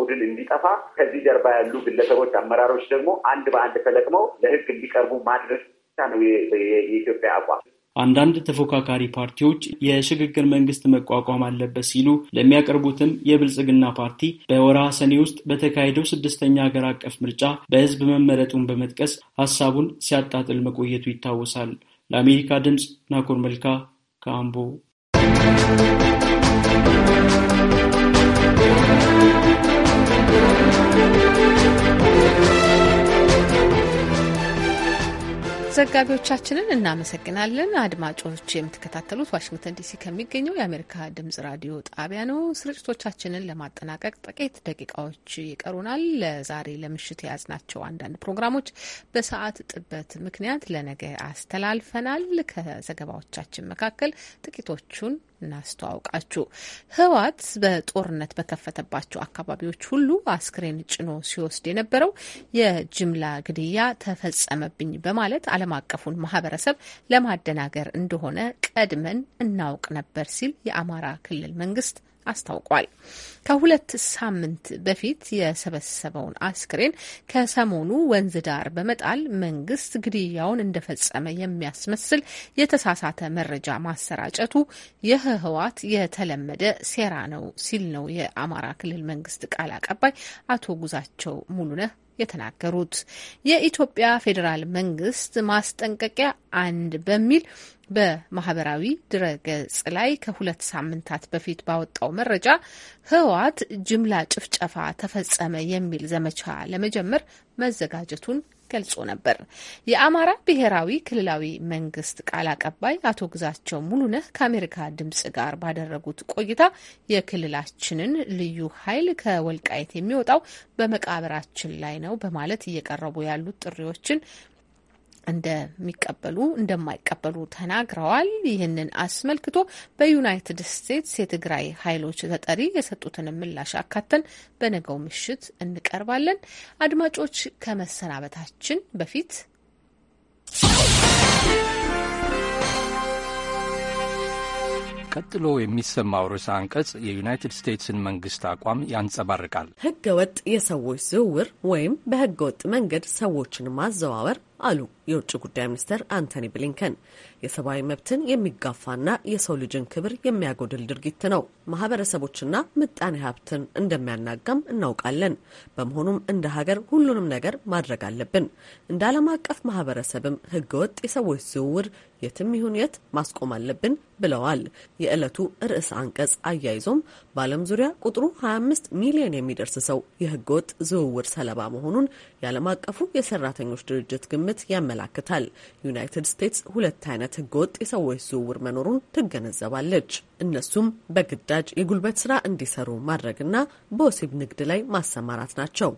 ቡድን እንዲጠፋ ከዚህ ጀርባ ያሉ ግለሰቦች፣ አመራሮች ደግሞ አንድ በአንድ ተለቅመው ለህግ እንዲቀርቡ ማድረግ ነው የኢትዮጵያ አቋም። አንዳንድ ተፎካካሪ ፓርቲዎች የሽግግር መንግስት መቋቋም አለበት ሲሉ ለሚያቀርቡትም የብልጽግና ፓርቲ በወርሃ ሰኔ ውስጥ በተካሄደው ስድስተኛ ሀገር አቀፍ ምርጫ በህዝብ መመረጡን በመጥቀስ ሀሳቡን ሲያጣጥል መቆየቱ ይታወሳል። ለአሜሪካ ድምፅ ናኮር መልካ ከአምቦ። Thank you. ዘጋቢዎቻችንን እናመሰግናለን። አድማጮች የምትከታተሉት ዋሽንግተን ዲሲ ከሚገኘው የአሜሪካ ድምጽ ራዲዮ ጣቢያ ነው። ስርጭቶቻችንን ለማጠናቀቅ ጥቂት ደቂቃዎች ይቀሩናል። ለዛሬ ለምሽት የያዝናቸው አንዳንድ ፕሮግራሞች በሰዓት ጥበት ምክንያት ለነገ አስተላልፈናል። ከዘገባዎቻችን መካከል ጥቂቶቹን እናስተዋውቃችሁ። ህወሓት በጦርነት በከፈተባቸው አካባቢዎች ሁሉ አስክሬን ጭኖ ሲወስድ የነበረው የጅምላ ግድያ ተፈጸመብኝ በማለት ዓለም አቀፉን ማህበረሰብ ለማደናገር እንደሆነ ቀድመን እናውቅ ነበር ሲል የአማራ ክልል መንግስት አስታውቋል። ከሁለት ሳምንት በፊት የሰበሰበውን አስክሬን ከሰሞኑ ወንዝ ዳር በመጣል መንግስት ግድያውን እንደፈጸመ የሚያስመስል የተሳሳተ መረጃ ማሰራጨቱ የህወሓት የተለመደ ሴራ ነው ሲል ነው የአማራ ክልል መንግስት ቃል አቀባይ አቶ ጉዛቸው ሙሉነህ የተናገሩት። የኢትዮጵያ ፌዴራል መንግስት ማስጠንቀቂያ አንድ በሚል በማህበራዊ ድረገጽ ላይ ከሁለት ሳምንታት በፊት ባወጣው መረጃ ህወሓት ጅምላ ጭፍጨፋ ተፈጸመ የሚል ዘመቻ ለመጀመር መዘጋጀቱን ገልጾ ነበር። የአማራ ብሔራዊ ክልላዊ መንግስት ቃል አቀባይ አቶ ግዛቸው ሙሉነህ ከአሜሪካ ድምጽ ጋር ባደረጉት ቆይታ የክልላችንን ልዩ ኃይል ከወልቃይት የሚወጣው በመቃብራችን ላይ ነው በማለት እየቀረቡ ያሉት ጥሪዎችን እንደሚቀበሉ እንደማይቀበሉ ተናግረዋል። ይህንን አስመልክቶ በዩናይትድ ስቴትስ የትግራይ ኃይሎች ተጠሪ የሰጡትን ምላሽ አካተን በነገው ምሽት እንቀርባለን። አድማጮች ከመሰናበታችን በፊት ቀጥሎ የሚሰማው ርዕሰ አንቀጽ የዩናይትድ ስቴትስን መንግስት አቋም ያንጸባርቃል። ህገ ወጥ የሰዎች ዝውውር ወይም በህገ ወጥ መንገድ ሰዎችን ማዘዋወር አሉ የውጭ ጉዳይ ሚኒስትር አንቶኒ ብሊንከን። የሰብአዊ መብትን የሚጋፋና የሰው ልጅን ክብር የሚያጎድል ድርጊት ነው። ማህበረሰቦችና ምጣኔ ሀብትን እንደሚያናጋም እናውቃለን። በመሆኑም እንደ ሀገር ሁሉንም ነገር ማድረግ አለብን። እንደ ዓለም አቀፍ ማህበረሰብም ህገወጥ የሰዎች ዝውውር የትም ይሁን የት ማስቆም አለብን ብለዋል። የዕለቱ ርዕስ አንቀጽ አያይዞም በዓለም ዙሪያ ቁጥሩ 25 ሚሊዮን የሚደርስ ሰው የህገወጥ ዝውውር ሰለባ መሆኑን የዓለም አቀፉ የሰራተኞች ድርጅት ግምት ያመላክታል። ዩናይትድ ስቴትስ ሁለት አይነት ህገወጥ የሰዎች ዝውውር መኖሩን ትገነዘባለች። እነሱም በግዳጅ የጉልበት ስራ እንዲሰሩ ማድረግና በወሲብ ንግድ ላይ ማሰማራት ናቸው።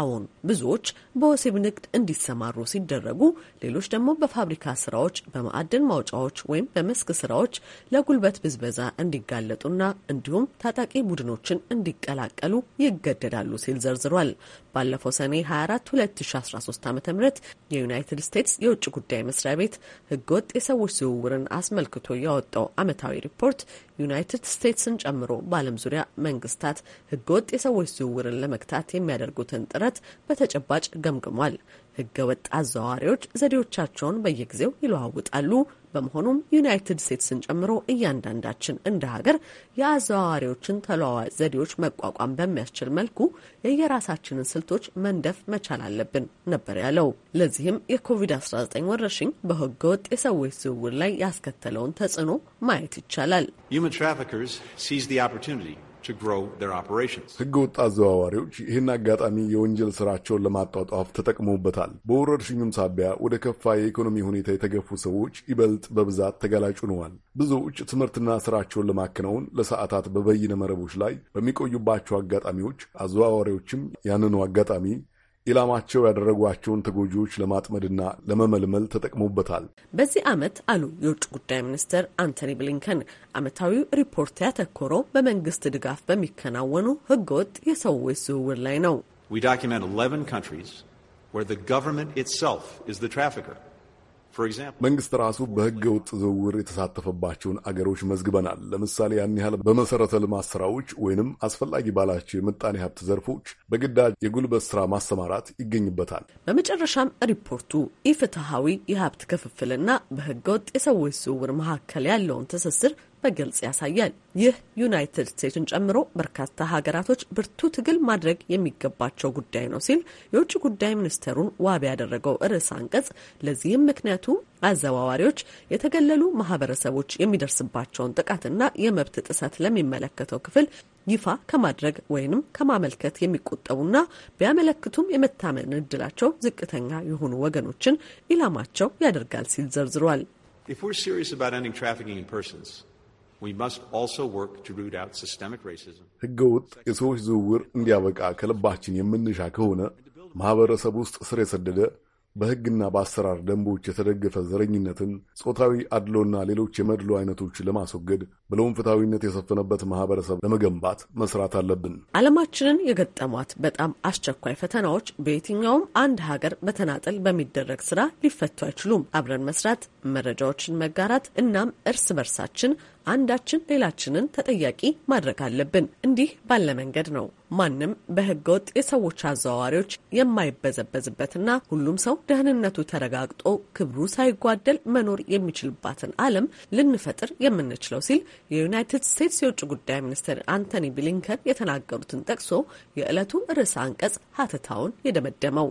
አሁን ብዙዎች በወሲብ ንግድ እንዲሰማሩ ሲደረጉ ሌሎች ደግሞ በፋብሪካ ስራዎች፣ በማዕድን ማውጫዎች ወይም በመስክ ስራዎች ለጉልበት ብዝበዛ እንዲጋለጡና እንዲሁም ታጣቂ ቡድኖችን እንዲቀላቀሉ ይገደዳሉ ሲል ዘርዝሯል። ባለፈው ሰኔ 24 2013 ዓ ም የዩናይትድ ስቴትስ የውጭ ጉዳይ መስሪያ ቤት ህገወጥ የሰዎች ዝውውርን አስመልክቶ ያወጣው ዓመታዊ ሪፖርት ዩናይትድ ስቴትስን ጨምሮ በዓለም ዙሪያ መንግስታት ህገወጥ የሰዎች ዝውውርን ለመግታት የሚያደርጉትን ጥረት በተጨባጭ ገምግሟል። ህገወጥ አዘዋዋሪዎች ዘዴ ዘዴዎቻቸውን በየጊዜው ይለዋውጣሉ። በመሆኑም ዩናይትድ ስቴትስን ጨምሮ እያንዳንዳችን እንደ ሀገር የአዘዋዋሪዎችን ተለዋዋጭ ዘዴዎች መቋቋም በሚያስችል መልኩ የየራሳችንን ስልቶች መንደፍ መቻል አለብን ነበር ያለው። ለዚህም የኮቪድ-19 ወረርሽኝ በህገወጥ የሰዎች ዝውውር ላይ ያስከተለውን ተጽዕኖ ማየት ይቻላል። ህገወጥ አዘዋዋሪዎች ይህን አጋጣሚ የወንጀል ስራቸውን ለማጧጧፍ ተጠቅመውበታል። በወረርሽኙም ሳቢያ ወደ ከፋ የኢኮኖሚ ሁኔታ የተገፉ ሰዎች ይበልጥ በብዛት ተጋላጭ ሆነዋል። ብዙዎች ትምህርትና ስራቸውን ለማከናወን ለሰዓታት በበይነ መረቦች ላይ በሚቆዩባቸው አጋጣሚዎች አዘዋዋሪዎችም ያንኑ አጋጣሚ ኢላማቸው ያደረጓቸውን ተጎጂዎች ለማጥመድና ለመመልመል ተጠቅሞበታል። በዚህ ዓመት አሉ የውጭ ጉዳይ ሚኒስትር አንቶኒ ብሊንከን፣ ዓመታዊው ሪፖርት ያተኮረው በመንግስት ድጋፍ በሚከናወኑ ህገወጥ የሰዎች ዝውውር ላይ ነው። We document 11 countries where the government itself is the trafficker. መንግስት ራሱ በህገ ወጥ ዝውውር የተሳተፈባቸውን አገሮች መዝግበናል። ለምሳሌ ያን ያህል በመሰረተ ልማት ስራዎች ወይንም አስፈላጊ ባላቸው የምጣኔ ሀብት ዘርፎች በግዳጅ የጉልበት ስራ ማሰማራት ይገኝበታል። በመጨረሻም ሪፖርቱ ኢፍትሐዊ የሀብት ክፍፍልና በህገ ወጥ የሰዎች ዝውውር መካከል ያለውን ትስስር በግልጽ ያሳያል። ይህ ዩናይትድ ስቴትስን ጨምሮ በርካታ ሀገራቶች ብርቱ ትግል ማድረግ የሚገባቸው ጉዳይ ነው ሲል የውጭ ጉዳይ ሚኒስቴሩን ዋቢ ያደረገው ርዕስ አንቀጽ ለዚህም ምክንያቱ አዘዋዋሪዎች የተገለሉ ማህበረሰቦች የሚደርስባቸውን ጥቃትና የመብት ጥሰት ለሚመለከተው ክፍል ይፋ ከማድረግ ወይንም ከማመልከት የሚቆጠቡና ቢያመለክቱም የመታመን እድላቸው ዝቅተኛ የሆኑ ወገኖችን ኢላማቸው ያደርጋል ሲል ዘርዝሯል። ህገወጥ የሰዎች ዝውውር እንዲያበቃ ከልባችን የምንሻ ከሆነ ማኅበረሰብ ውስጥ ስር የሰደደ በሕግና በአሰራር ደንቦች የተደገፈ ዘረኝነትን፣ ጾታዊ አድሎና ሌሎች የመድሎ አይነቶች ለማስወገድ ብለውም ፍትሐዊነት የሰፈነበት ማኅበረሰብ ለመገንባት መስራት አለብን። ዓለማችንን የገጠሟት በጣም አስቸኳይ ፈተናዎች በየትኛውም አንድ ሀገር በተናጠል በሚደረግ ስራ ሊፈቱ አይችሉም። አብረን መስራት፣ መረጃዎችን መጋራት እናም እርስ በርሳችን አንዳችን ሌላችንን ተጠያቂ ማድረግ አለብን። እንዲህ ባለ መንገድ ነው ማንም በህገወጥ ወጥ የሰዎች አዘዋዋሪዎች የማይበዘበዝበትና ሁሉም ሰው ደህንነቱ ተረጋግጦ ክብሩ ሳይጓደል መኖር የሚችልባትን ዓለም ልንፈጥር የምንችለው ሲል የዩናይትድ ስቴትስ የውጭ ጉዳይ ሚኒስትር አንቶኒ ብሊንከን የተናገሩትን ጠቅሶ የዕለቱ ርዕሰ አንቀጽ ሀተታውን የደመደመው።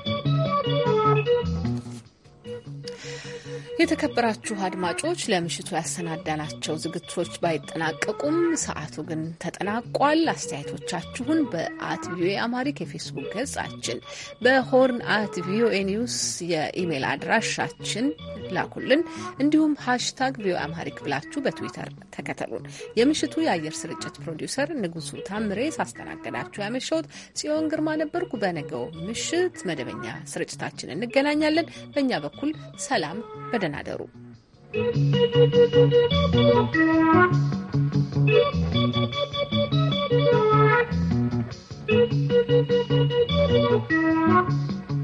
የተከበራችሁ አድማጮች ለምሽቱ ያሰናዳናቸው ዝግቶች ባይጠናቀቁም ሰዓቱ ግን ተጠናቋል። አስተያየቶቻችሁን በአት ቪኦኤ አማሪክ የፌስቡክ ገጻችን፣ በሆርን አት ቪኦኤ ኒውስ የኢሜይል አድራሻችን ላኩልን። እንዲሁም ሃሽታግ ቪኦኤ አማሪክ ብላችሁ በትዊተር ተከተሉን። የምሽቱ የአየር ስርጭት ፕሮዲውሰር ንጉሱ ታምሬ ሳስተናገዳችሁ ያመሸሁት ጽዮን ግርማ ነበርኩ። በነገው ምሽት መደበኛ ስርጭታችን እንገናኛለን። በእኛ በኩል ሰላም በደ ደህና አደሩ።